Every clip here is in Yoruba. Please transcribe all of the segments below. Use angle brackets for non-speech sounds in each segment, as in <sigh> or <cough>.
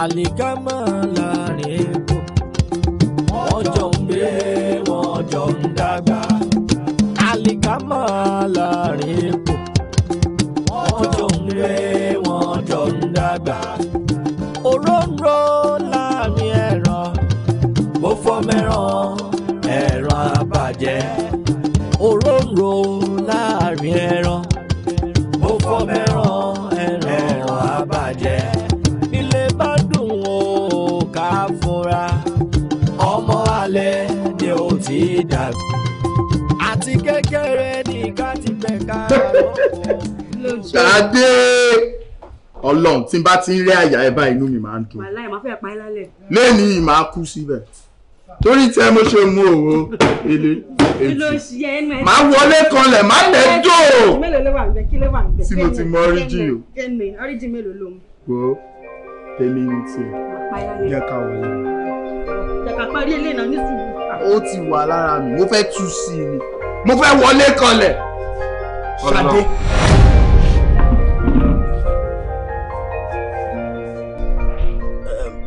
àlìkámọ́ láàrin kù. wọ́n jọ ń gbé wọ́n jọ ń dàgbà. àlìkámọ́ láàrin kù. wọ́n jọ gbé wọ́n jọ ń dàgbà. òróǹro. dàgbà àti kékeré nìkan ti pẹ̀ka lọ́wọ́. Ṣadé ọlọ́run tí n bá ti ń rí àyà ẹ bá inú mi máa ń dùn. wàhálà ẹ̀ máa fẹ́ pa ẹ́ lálẹ́. lẹ́ni yìí máa kú síbẹ̀ torí tí ẹ mo ṣe mú òwò ilé èjì máa wọlé kanlẹ̀ má lè dò. tí mo ti mọ ọ́ríjì o. ọ́ríjì mélòó ló ń. wo tèmi ní tiẹ̀ jẹ́ ká wọlé kàkà rí náà ní ó ti wà lára mi mo fẹ́ tú sí i ni mo fẹ́ wọlé kanlẹ̀. ṣadé.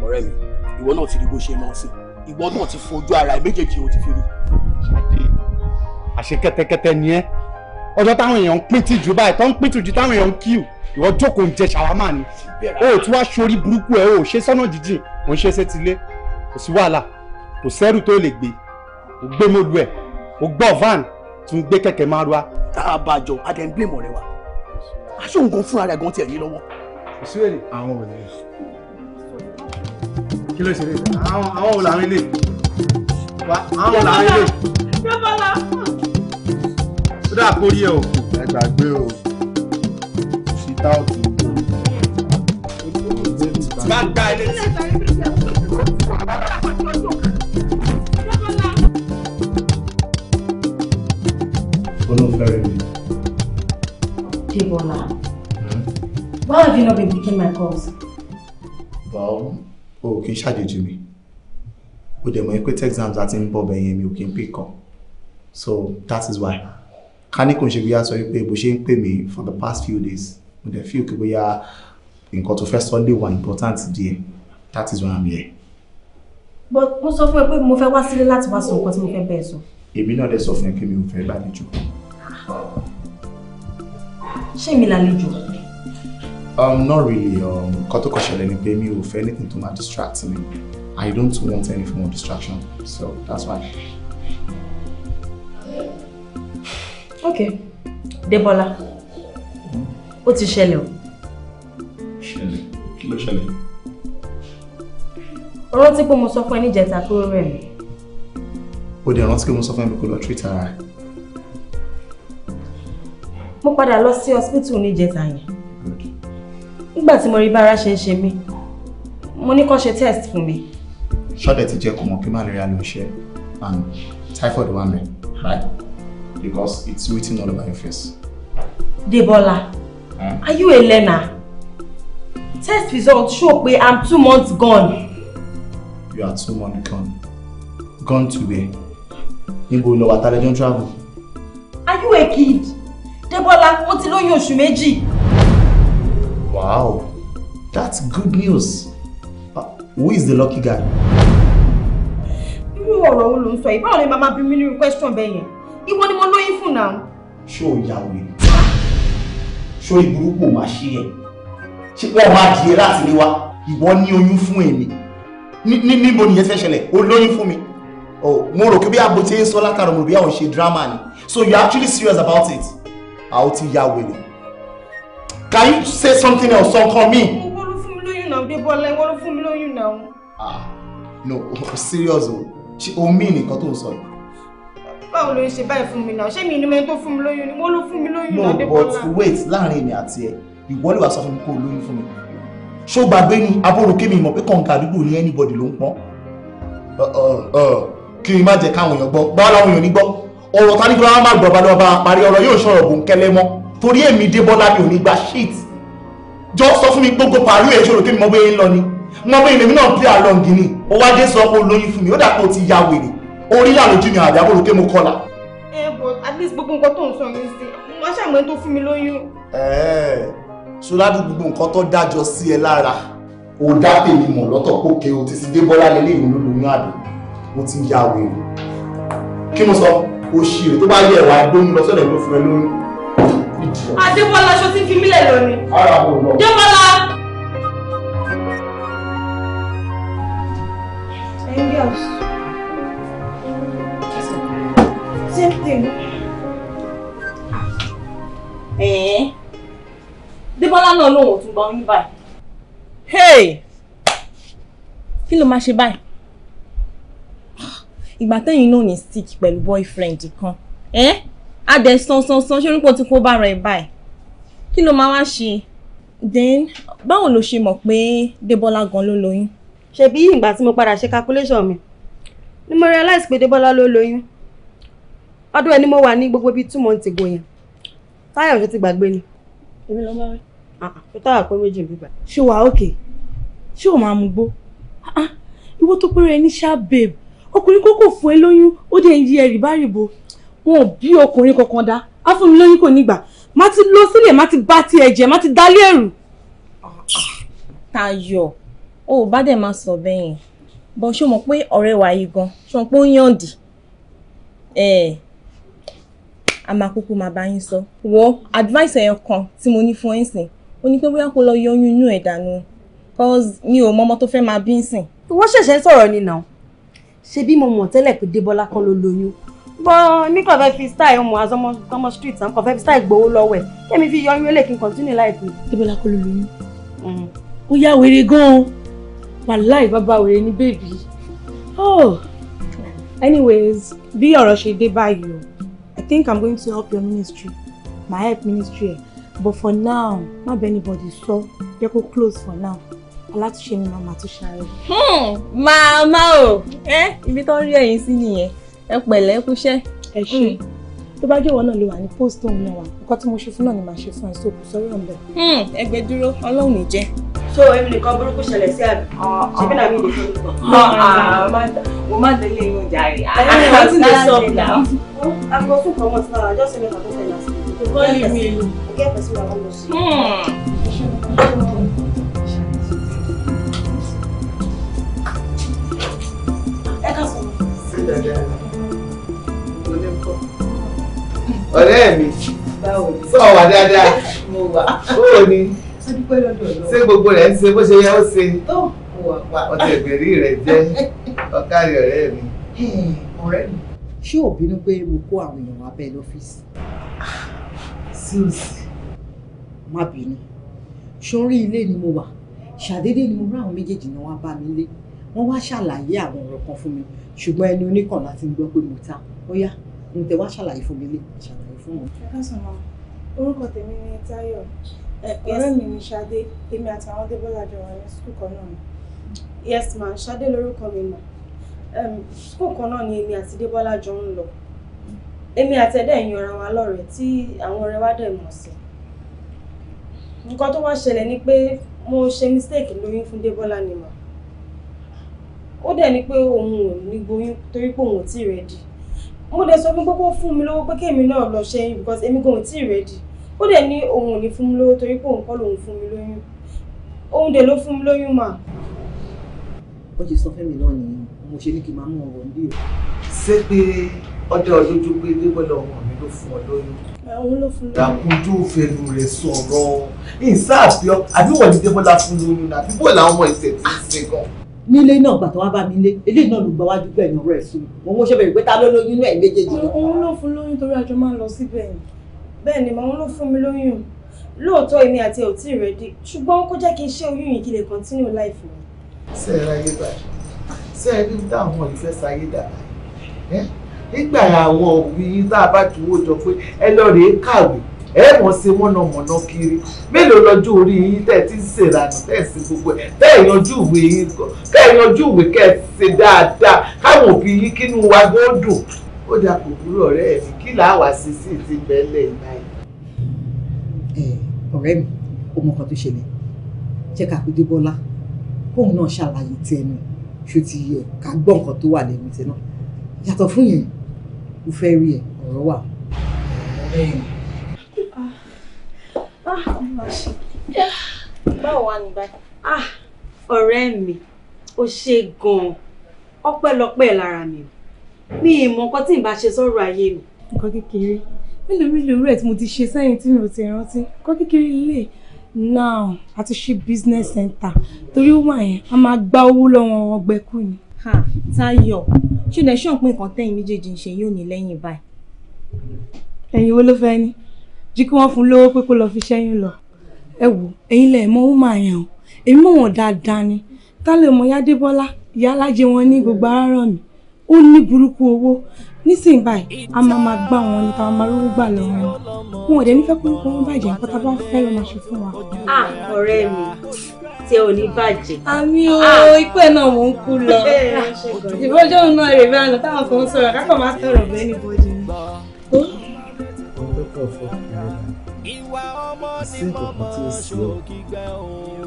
ọ̀rẹ́ mi ìwọ náà ti rí bó ṣe máa ń sìn ìwọ náà ti fojú ara ẹ méjèèjì o ti fi rí. ṣadé àṣẹ kẹ́tẹ́kẹ́tẹ́ ni ẹ́ ọjọ́ táwọn èèyàn ń pín tìjú báyìí tó ń pín tìjú táwọn èèyàn ń kí o ìwọ jókòó ń jẹ ṣàwámà ni o ò tún wá sórí burúkú ẹ o ò ṣe sọ́nà jíjìn ò ń ṣe é sétílé kò sí wàhálà kò sẹ́rù tó lè gbé ó gbé mọ́dù ẹ̀ ó gbọ́ van tún gbé kẹ̀kẹ́ máa wá. tá a bá jọ adé ń blame ọ̀rẹ́ wa aṣọ nǹkan fúnra rẹ̀ gan tiẹ̀ ní lọ́wọ́. kò sí èrè àwọn ò ní kí ló ṣe lè àwọn àwọn ò làwọn ilé àwọn ò làwọn ilé. ó dà kórí ẹ o. ẹ gbàgbé o ṣìtá òkú. tí bá gba ilé kan náà fẹ́ rẹ̀ mi. Hmm? why have you not been picking my calls? Well, oh, can you ṣàjèjì mi. O dẹ̀ mọ̀ pé exams àti ń bọ̀ bẹ̀yẹn mi ò pick up. So that is why. Can you kò ń ṣe bóyá sọ wípé bó ṣe ń for the past few days. Mo dẹ̀ feel kí are in court. fẹ́ sọ lè wà important díẹ̀. That is why I'm here. But most of my people move mo fẹ́ wá sílé láti wá sọ nǹkan tí mo fẹ́ bẹ́ẹ̀ sọ. Èmi náà dẹ̀ sọ fún ẹ pé mi ṣé mi lálejò. Um, not really. Um, tó kọ̀ ṣẹlẹ̀ ni pé mi ò fẹ́ anything to ma distract me. I don't want any form of distraction. So that's why. Okay. Debola. Ó ti ṣẹlẹ̀ o. Ṣẹlẹ̀. Kí ló ṣẹlẹ̀? Ó rántí pé mo sọ fún ẹ níjẹta pé ó rẹ̀ mí. Ó dẹ̀ rántí pé mo sọ fún ẹ pé kò lọ treat ara rẹ̀ mo padà lọ sí hospital níjẹta yẹn nígbà tí mo rí bára ṣe ń ṣe mí mo ní kó ṣe test fún mi. ṣọ́dẹ̀ ti jẹ́ kó mọ̀ pé malaria ló ṣe and typhoid wà mẹ́ right because it's written all over your face. Debola, hmm? are you a learner? Test result show pé I'm two months gone. You are two months gone. Gone to where? Níbo lo wà tálẹ́jọ́ travel? Are you a kid? Débọ́lá, ó ti lóyún oṣù méjì. Wow, that's good news. Uh, who is the lucky guy? Irú ọ̀rọ̀ wo ló ń sọ yìí? Báwo ni màmá bí mi nírú question bẹ́ẹ̀ yẹn? Ìwọ ni mo lóyún fún náà. Ṣé o ya wèrè? Ṣé ìburúkú máa ṣe ẹ̀? Ṣé wọ́n máa di ẹ láti lé wa? Ìwọ ní oyún fún èmi. Níbo nìyẹn ti fẹ́ ṣẹlẹ̀? O lóyún fún mi. Oh, mo rò pé bí abo ti ń sọ látara mo rò bí àwọn ṣe drama ni. So you are actually serious about it? àwọn ti ya wèrè can you say something else sọ call me. wọ́n fún mi lóyún náà bí bọ́lá wọ́n fún mi lóyún náà. ah no serious o ṣe o mí nìkan tó ń sọ yìí. báwo ló ń ṣe báyìí fún mi náà ṣé mi ni mo tó fún mi lóyún ni wọ́n fún mi lóyún náà bí bọ́lá. no but wait láàrin èmi àti ẹ ìwọ lè wá sọ fún mi kó o lóyún fún mi ṣó gbàgbé ni abórokè mi mọ̀ pé kọ̀ǹkà àdúgbò ni anybody ló ń pọ́n uh, uh, uh, kí n má jẹ́ káwọn èèyàn gbọ́ báwo làwọn èèyàn ní gbọ́ ọ̀rọ̀ ta ní kí wọ́n máa gbọ̀ba lọ́wọ́ bá parí ọ̀rọ̀ yóò ṣọ̀rọ̀ bòńkẹ́lẹ́ mọ́ torí èmi débọ́lá mi ò ní gba shit jọ sọ fún mi gbogbo pàrọ̀ ẹ̀ ṣòro tèmi mọ bóyá ń lọ ni mọ bóyá èmi náà play along ni ó wá dé sọ pé ó lóyún fún mi ó dà pé ó ti ya wèrè orí àlòjù mi àbí àbúrò pé mo kọlà. ẹ bọ at least gbogbo nǹkan tó ń sọ yẹn sí wọn ṣàmọ ẹni tó fún mi lóyún. ẹẹ ṣọládù gbogbo nǹkan tó dájọ sí ẹ lára ó dá tèmi mọ̀ lọ́tọ̀ pókè o ti sì débọ́lá lélẹ́yìn olólùyún àbí ó ti ya wèrè kí mo sọ o ṣì rè tó bá yẹ wá gbóhùn lọ sọ́dọ̀ ló fún ẹ lóyún. Adébọ́lá aṣọ tí fi mílẹ̀ lónìí. Ara kò lọ. Débọ́lá. Same thing. Ẹ̀ẹ́. Eh? Débọ́lá náà lòun ò tún gbọ́ yín báyìí. Hey! Kí ló máa ṣe báyìí? ìgbà tẹ́yìn náà ní stick pẹ̀lú boyfriend kan ẹ́ á dẹ̀ san san san ṣé orúkọ tí kò bá rẹ̀ báyìí kí ló máa wá ṣe then báwo ló ṣe mọ̀ pé Débọ́lá gan ló lóyún. ṣebí ìgbà tí mo padà ṣe calculation mi ni mo realize pé Débọ́lá ló lóyún ọdún ẹ ni mo wà ní gbogbo bíi two months ago yẹn táyà ọ̀ṣẹ́ ti gbàgbé ni. èmi ló máa rí. Ah, ah, ṣé táyà pé méjì ń bíbà. ṣé wàá òkè ṣé o máa mú gbó ah, ìwọ tó péré ní ṣá babe ọkùnrin kókò fún ẹ lóyún ó dẹ̀ ń yí ẹ̀rì báyìí bo wọn ò bí ọkùnrin kankan dá afúnilóyún kò nígbà má ti lọ sílẹ̀ má ti bá tiẹ̀ jẹ́ má ti dálé ẹ̀rù. Táyọ̀ o ò bá dẹ̀ máa sọ bẹ́ẹ̀ yẹn bọ́ ṣó mọ̀ pé ọ̀rẹ́ wa yìí gan ṣó mọ̀ pé ó ń yàǹdì a máa kúkú máa bá yín sọ wo advice ẹ̀yọ kan tí mo ní fún ẹ̀ sìn ó ní pé bóyá kó lọ yọ oyún inú ẹ̀ dànù cause mi ò mọ ọmọ tó fẹ́ máa bí ń sìn. wọ́n ṣẹ̀ṣẹ̀ sọ̀rọ̀ ni náà ṣe bí mo mọ̀ tẹ́lẹ̀ pé Débọ́lá kan ló lóyún bọ́ mi kàn fẹ́ fi style ọmọ azọmọ ọmọ street à fẹ́ fi style gbowó lọ́wọ́ ẹ̀ kémi fi yọyún eléyìí kí n continue life mi. Débọ́lá kan ló lóyún mm. ó yá wèrè gan-an wàláì bàbá wèrè ní bèbí oh anyways bí ọ̀rọ̀ ṣe dé báyìí o I think I'm going to help your ministry my help ministry but for now not bẹ́ẹ̀ anybody sọ jẹ́ go close for now alátúnṣe ni màmá tó ṣàárẹ̀. Hmm, màmá o ẹ ibi tó ń rí ẹ̀yin sí nìyẹn ẹ pẹ̀lẹ́ kúṣẹ́. ẹ ṣe hmm. tó bá jọ̀wọ́ náà ló wà ní post òun náà wà nǹkan tí mo ṣe fún náà ni màá ṣe fún ẹ sóòpù sọ̀rọ̀ ọ̀nbẹ. Hmm, ẹgbẹ́ dúró ọlọ́run ní jẹ́. so èmi nìkan burúkú ṣẹlẹ̀ sí àbí ah, ah. ṣẹ́bí náà mi lè fi lùkọ̀. mo má délé inú jàre. Ah, ẹ̀yin <laughs> wọ́n ti lè sọ ọ̀bùnà. àgọ́ fún kọ́mọ̀ tí náà àjọṣe mẹ́ta tó fẹ́ lásìkò. kò kọ́ lè mi lù. ẹgbẹ́ pẹ̀sì wà lọ́wọ́ sí i. ẹ kà sọ. ṣé dáadáa ni olè ń kọ́. ọ̀rẹ́ mi sọ wà dáadáa mo wà bóò ni ṣé gbogbo rẹ̀ ń ṣe bó ṣe yẹ ó ṣe ọtí ìgbèrí rẹ̀ jẹ́ ọ̀kárí ọ̀rẹ́ mi. ọ̀rẹ́ mi ṣé ò bínú pé mo kó àwọn èèyàn wá bẹ́ẹ̀ lọ́fíìsì. síòsì má bínú sórí ilé ni mo wà ṣàdédé ni mo rá àwọn méjèèjì náà wá bá mi lé wọ́n wá ṣàlàyé àwọn ọ̀rọ̀ kan fún mi ṣùgbọ́n ẹni oníkàn láti gbọ́ pé mo ta ó yá n tẹ wá ṣàlàyé fún mi lè ṣàlàyé fún wọn. ẹ káàsán ma orúkọ tèmi ni Táyọ̀ ọ̀rẹ́ mi ni Ṣadé èmi àtàwọn Débọ́lá jọ wà ní sukùl kan náà yes ma Ṣadé lórúkọ mi mà sukùl kan náà ni èmi àti Débọ́lá jọ ń lọ èmi àti ẹ̀dá ẹ̀yìn ọ̀ràn wa lọ́rẹ̀ẹ́ tí àwọn ọ̀rẹ́ wa dẹ̀ mọ̀ sí nǹkan tó wá ṣẹlẹ̀ ni pé mo ṣe mistake lóyún fún Débọ́lá ni mà ó dẹ̀ ní pé òun ò ní gboyún torí pé òun ò tí ì rẹ́dì mo dẹ̀ sọ fún pé kó fún mi lówó pé kémi náà lọ ṣẹ́yìn because èmi gan ò tí ì rẹ́dì ó dẹ̀ ní òun ò ní fún mi lówó torí pé òun kọ́ lòun fún mi lóyún òun dẹ̀ ló fún mi lóyún mà. ó ṣe sọ fẹ́mi náà nìyẹn mo ṣe ní kí n máa mú ọ̀rọ̀ níbí o. ṣé pé ọdẹ ọdójú pé débọ̀lá ọmọ mi ló fún ọ lóyún. òun fẹnu rẹ sọ̀rọ̀ ìsáàfíọ́ àbí wọ́n ní fún lóyún àbí bọ́ọ̀lù àwọn ọmọ ṣe gan nílé náà gbàtọ́ wá bá mi lé eléyìí náà ló gba wájú gbẹ̀yìn ọ̀rọ̀ ẹ̀ sí mi òun ó ṣẹ́bẹ̀rẹ̀ pé ta ló lóyún náà ẹ̀ méjèèjì. òun ló fún lóyún torí àjọ máa ń lọ síbẹ̀ yìí bẹ́ẹ̀ ni màá ló fún mi lóyún lóòótọ́ èmi àti ẹ̀ ò tí ṣùgbọ́n kó jẹ́ kí n ṣe oyún yìí kí lè continue life mi. ṣé ẹ báyìí ṣé ẹ rí dáhùn ìfẹ́ ẹ mọ̀ sí mọ̀nàmọ̀nà kiri mélòó lọ́jọ́ orí yín tẹ̀ tí ń ṣèrànà tẹ̀ sí gbogbo ẹ̀ tẹ̀ yanjú ìwé yín kọ́ kẹ́ yanjú ìwé kẹ́ ṣe dáadáa káwọn òbí yín kínú wa gbọ́ dùn ó dà kò kúrò ọ̀rẹ́ ẹ̀ ní kí làá sí sí ti bẹ́lẹ̀ báyìí. ẹ ọ̀rẹ́ mi ọmọ kan tó ṣẹlẹ̀ jẹ́ ká pé Débọ́lá kóun náà ṣàlàyé ti ẹnu ṣó ti yẹ ká gbọ́ nǹkan tó wà lẹ́nu ti náà yàtọ̀ fún yẹn mo fẹ́ rí ẹ ọ̀rọ̀ wà. ọ̀rẹ́ mi Ah, báwo wá ní báyìí. Ah, ọ̀rẹ́ mi ó ṣe gan-an ọpẹ́lọpẹ́ lára mi mi ì mọ nǹkan tí ì bá ṣe sọ̀rọ̀ ayé mi. nǹkan kékeré mélòó mélòó rẹ̀ tí mo ti ṣe sẹ́yìn tí mi ò ti rántí nǹkan kékeré lè now a ti ṣí business center torí wà yẹn a máa gba owó lọ́wọ́ ọgbẹ́kù ni. Táyọ̀ ṣé ilẹ̀ ṣọ́ọ̀pù nǹkan tẹ́yìn méjèèjì ń ṣe yóò ní lẹ́yìn báyìí. ẹ̀yin wo ló fẹ́ ni jí kí wọ́n fún lówó pé kó lọ fi ṣẹ́yún lọ ẹ wò ẹ̀yin lẹ mọ̀ ó máa yàn o èmi mọ̀ wọ́n dáadáa ni tálẹ̀ ọmọ yádébọ́lá ìyá alájẹ wọn ní gbogbo ara mi ó ní burúkú owó nísìnyí báyìí a máa máa gbá wọn ní táwọn máa rówó gbà lọ́wọ́ wọn wọn ò dẹ̀ nífẹ̀ẹ́ kó wọn bàjẹ́ nǹkan tá fẹ́ ló máa ṣe fún wa. a ọ̀rẹ́ mi tí ò ní bàjẹ́. àmì o ìpẹ́ náà mò ń kú lọ ìbọjọ́ náà rè bá lọ táwọn kan sọ̀rọ̀ kákan máa sọ̀rọ̀ bẹ́ẹ̀ ní bọ́jú sí nǹkan tí ó sí ọ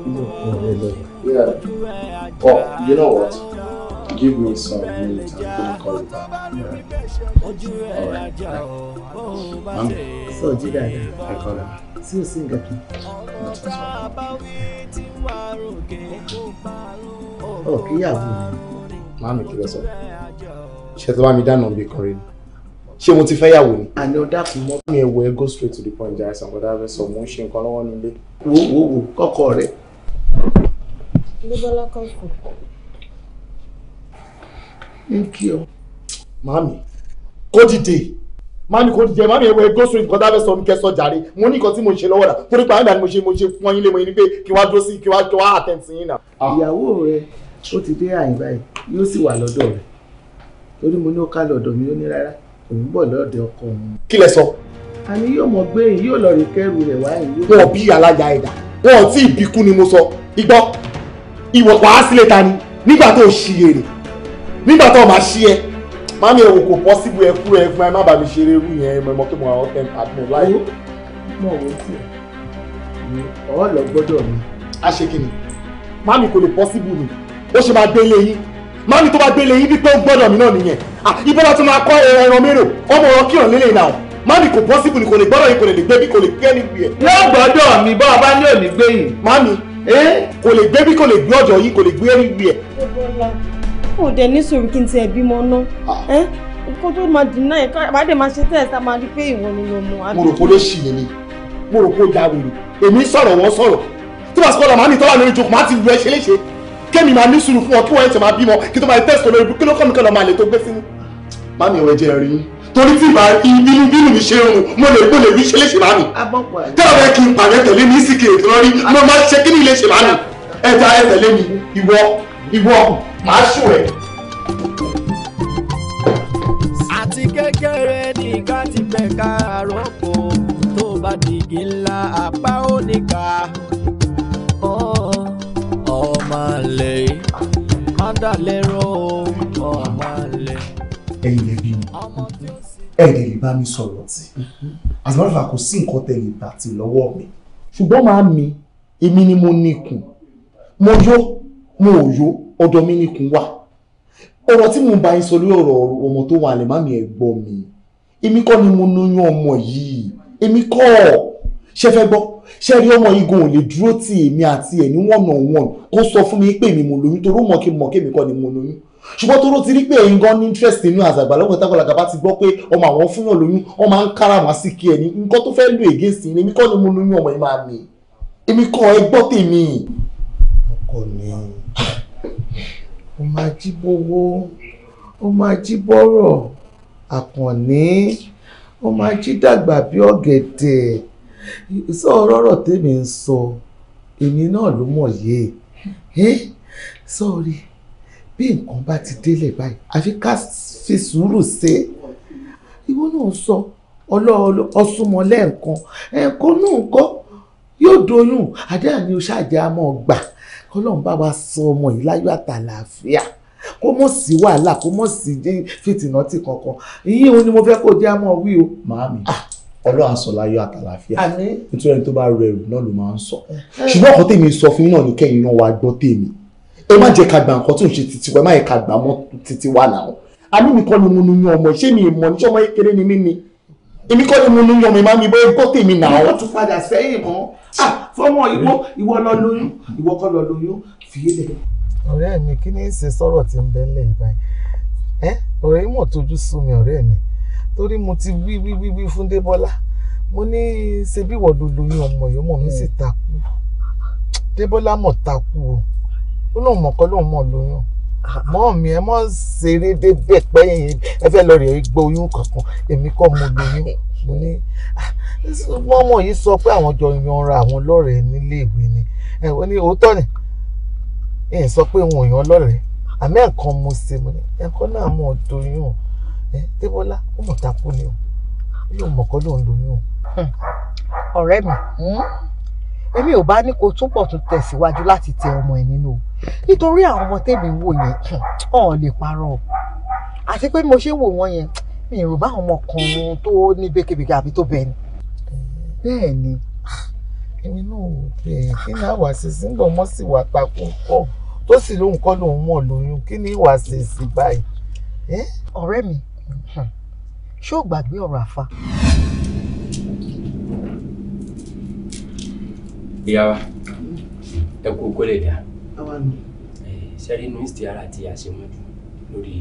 ní ọkàn yeah well you know what give me some minutes i'm gonna call you back. Yeah. all right so sọ I dáadáa. ẹ kọ́ ẹ. tí o sí nǹkan kan. ọ kí yàgò mi. mami kí ló sọ ṣe tó bá mi dáná bí kan rí ṣé mo ti fẹ́ yàwó ni. àná dákun mọ́. mi ẹ̀ wọ ẹ go straight to the point jàre sàn kọ́dá fẹ́ sọ mo ń ṣe nǹkan lọ́wọ́ nílé. wo wo wo kọ́kọ́ rẹ. bíbọ́lá kan kù. ń kí ọ. màámi kó dìde màámi kó dìde màámi ẹ wọ ẹ go straight kọ́dá fẹ́ sọ mi kẹsọ̀ jàre mo ní nǹkan tí mo ṣe lọ́wọ́ rà torí pa àyìnbá mo ṣe mo ṣe fún ọyìn lé mo yín pé kí wàá dúró sí kí wàá kí ah. torí mo ní ó ká lọ́dọ̀ mi ó ní rárá òun bọ̀ lọ́dẹ ọkọ òun. kí lẹ sọ. àní yóò mọ gbé yìí yóò lọ rí kẹrù rẹ wá yìí. wọn ò bí alájà ẹ̀dá wọn ò tí ì bíkú ni mo sọ igbọ́ ìwọ wàá sílẹ̀ ta ni nígbà tó ṣiyèrè nígbà tó máa ṣí ẹ mami ẹ wò kò pọ́síbù ẹ kúrò ẹ fún ẹ má bàa mi ṣeré irú yẹn mọ̀ mọ́ kí mo àwọn tẹ̀m àti láyé. mo wò ó tiẹ̀ ni ọ̀ọ́ lọ gbọ́dọ̀ mi. a ṣe kí mami kò lè pọ́síbù mi ó ṣe máa délé yín màámi tó bá gbélé yín wípé ó gbọ́dọ̀ mi náà nìyẹn ibo la ti máa kọ́ ẹran mérò ọmọ ọ̀rọ̀ kíràn lélẹ̀ náà màámi kò pọ́sibù ni kò lè gbọ́dọ̀ yìí kò lè lè gbé bí kò lè gbé níbi ẹ̀. wọ́n gbọ́dọ̀ mi bá ọba ní òní gbé yìí. màámi kò lè gbé bí kò lè gbé ọ̀dọ̀ yìí kò lè gbé níbi ẹ̀. ó dẹ̀ ní sòrò kí n tiẹ̀ bímọ náà kó tó máa dì náà ẹ̀ka àbádé máa ṣe tẹ́ẹ̀ sá máa rí pé ìwọ ni mo mú. mo rò pé ó lè ṣì ní mo rò pé ó jáwèrè èmi sọ̀rọ̀ wọ́n sọ̀rọ̀ tí wàá sọ̀rọ̀ màámi tó wà lórí ìjókòó má ti lu ẹ ṣe léṣe kẹ́mi máa ní sùúrù fún ọ kí wọ́n ti máa bímọ kí tó máa test olórí kí ló kọ́ mi kọ́ lọ máa lè tó gbé sínú. má mi ò jẹ rí torí tí ìbá inú bínú mi ṣe rùn mo lè gbọ́ lè rí ṣe léṣe láàmì. tẹ́lẹ̀ bẹ́ẹ̀ kí n pàrẹ́ tẹ̀lé mi sì kì í tó rí mo máa ṣe kí ni ilé ṣe láàmì. ẹ mi ìwọ ìwọ màá ṣù rẹ̀. àti kékeré ní ká ti pẹ̀ka àròkọ tó bá dìgì ńlá àpá òníkà àmàlẹ àdàlẹrọ ọkọ àmàlẹ. ẹ̀yin ẹbí mi ẹ lè lè bá mi sọ̀rọ̀ tí àtìmọ́tò kò sí nǹkan tẹ̀lé bàtì lọ́wọ́ mi. ṣùgbọ́n màá mi èmi ni mo ní ikùn mo yó mo ò yó ọ̀dọ̀ mi ní wà ọ̀rọ̀ tí mo bá yín sọ lórí ọ̀rọ̀ ọmọ tó wà lẹ̀ má mi ẹ̀ gbọ́ mi èmi kọ́ ni mo lóyún ọmọ yìí èmi kọ́ ṣe fẹ́ gbọ́ ṣé rí ọmọ yìí gan ò lè dúró ti èmi àti ẹ̀ ní one on one kó sọ fún mi pé èmi mo lóyún torí mọ̀ kí mọ̀ kémi kọ́ ni mo lóyún ṣùgbọ́n tó ló ti rí pé èyí gan ní interest inú àzàgbàlọ́gbọ̀n tákọ̀làkà bá ti gbọ́ pé ọmọ àwọn fún yàn lóyún wọ́n máa ń káràmà sí kí ẹni nǹkan tó fẹ́ lò against ni èmi kọ́ ni mo lóyún ọmọ yìí máa mi èmi kọ́ ẹ gbọ́ tèmi. ọkọ mi ó máa jí bówó ó máa jí bọ́rọ̀ àkànní ó máa jí dàgbà bí ọ̀gẹ̀dẹ̀ sọ ọ̀rọ̀ tèmi ń sọ èmi náà ló mọ̀ yé e sọ́ọ̀rì bí nǹkan bá ti délẹ̀ báyìí àfi ká fi sùúrù ṣe ìwọ náà sọ ọsùnmọ lẹ́ẹ̀kan ẹ̀ẹ̀kan náà kọ́ yóò doyún àdáàní o ṣáàjẹ́ a máa gbà kọ́lọ́n bá wa sọ ọmọ yìí láyọ̀ àtàlàáfíà kó mọ̀ sí wàhálà kó mọ̀ sí fìtìnà tì kankan ìyí òun ni mo fẹ́ kó jẹ́ a máa wí o. màámi ah ọlọ́run á sọ láyọ̀ àtàlàfíà nítorí ẹni tó bá rẹ ẹrù náà ló máa ń sọ ṣùgbọ́n ọ̀kan tèmi sọ fún yín náà ni kẹ́yìn náà wá gbọ́ tèmi ẹ má jẹ́ ká gba nǹkan tó ń ṣe títí wa ẹ má yẹ ká gbà mọ́ títí wa náà àní mi kọ́ ni mo nu yín ọmọ ṣé mi mọ̀ ní sọ́mọ́ kékeré ni mí ni èmi kọ́ ni mo nu yín ọmọ ìmá mi bóyá gbọ́ tèmi náà. ìwọ tún padà sẹ́yìn mọ́ fọmọ ìwọ ìwọ lọ lóyún ìwọ kọ́ lọ lóyún fìyélẹ̀. ọ̀rẹ́ mi kí ni í sọ̀rọ̀ tí ń bẹ́ńlẹ̀ ìbáyìí torí mo ti wí wí wí wí fún Débọ́lá mo ní ṣe bí ìwọ ló lóyún ọmọ yìí ọmọ mi sì takú Débọ́lá mọ̀ takú o ó lóun mọ̀ kọ́ lóun mọ̀ lóyún mọ́ mi ẹ mọ́ ṣeré débẹ̀ pé ẹ fẹ́ lọ rẹ̀ gbọ́ oyún kankan èmi kọ́ mo lóyún mo ní ah, wọ́n mọ̀ yìí sọ pé àwọn jọ yanra àwọn lọ́rẹ̀ẹ́ nílé ìwé ni ẹ wọ́n ní òótọ́ ni ẹ̀ sọ pé wọn yan lọ́rẹ̀ẹ́ àmẹ́ mo ṣe mo ní ẹ̀kọ́ náà mọ̀ ọ́ ẹ Débọ́lá ó mọ̀ takú ni o yóò mọ̀ kọ́ ló ń lóyún o. Hmm. ọ̀rẹ́ mi hmm? èmi ò bá ní kó túbọ̀ tún tẹ̀síwájú láti tẹ ọmọ ẹ nínú o nítorí àwọn ọmọ tèmi wò yẹn hmm, ọ̀n lè parọ́ o àti pé mo ṣe wò wọ́n yẹn mi ò bá ọmọ kan tó ní békebèke àbí tó bẹ́ẹ̀ ni. bẹ́ẹ̀ ni èmi náà ò bẹ́ẹ̀ kí ni àwa ṣe sí ńgbọ̀n mọ́ sí wàá takò kọ́ tó sì lóun kọ́ lòun mọ̀ lóyún kí ni ìwà ṣe sí báyìí. ọ̀rẹ́ mi ṣé o gbàgbé ọ̀rọ̀ àfa. ìyá wa ẹ kú kó lè dá sẹ́rí inú ìsìtì ara àti àṣemọ́jú lórí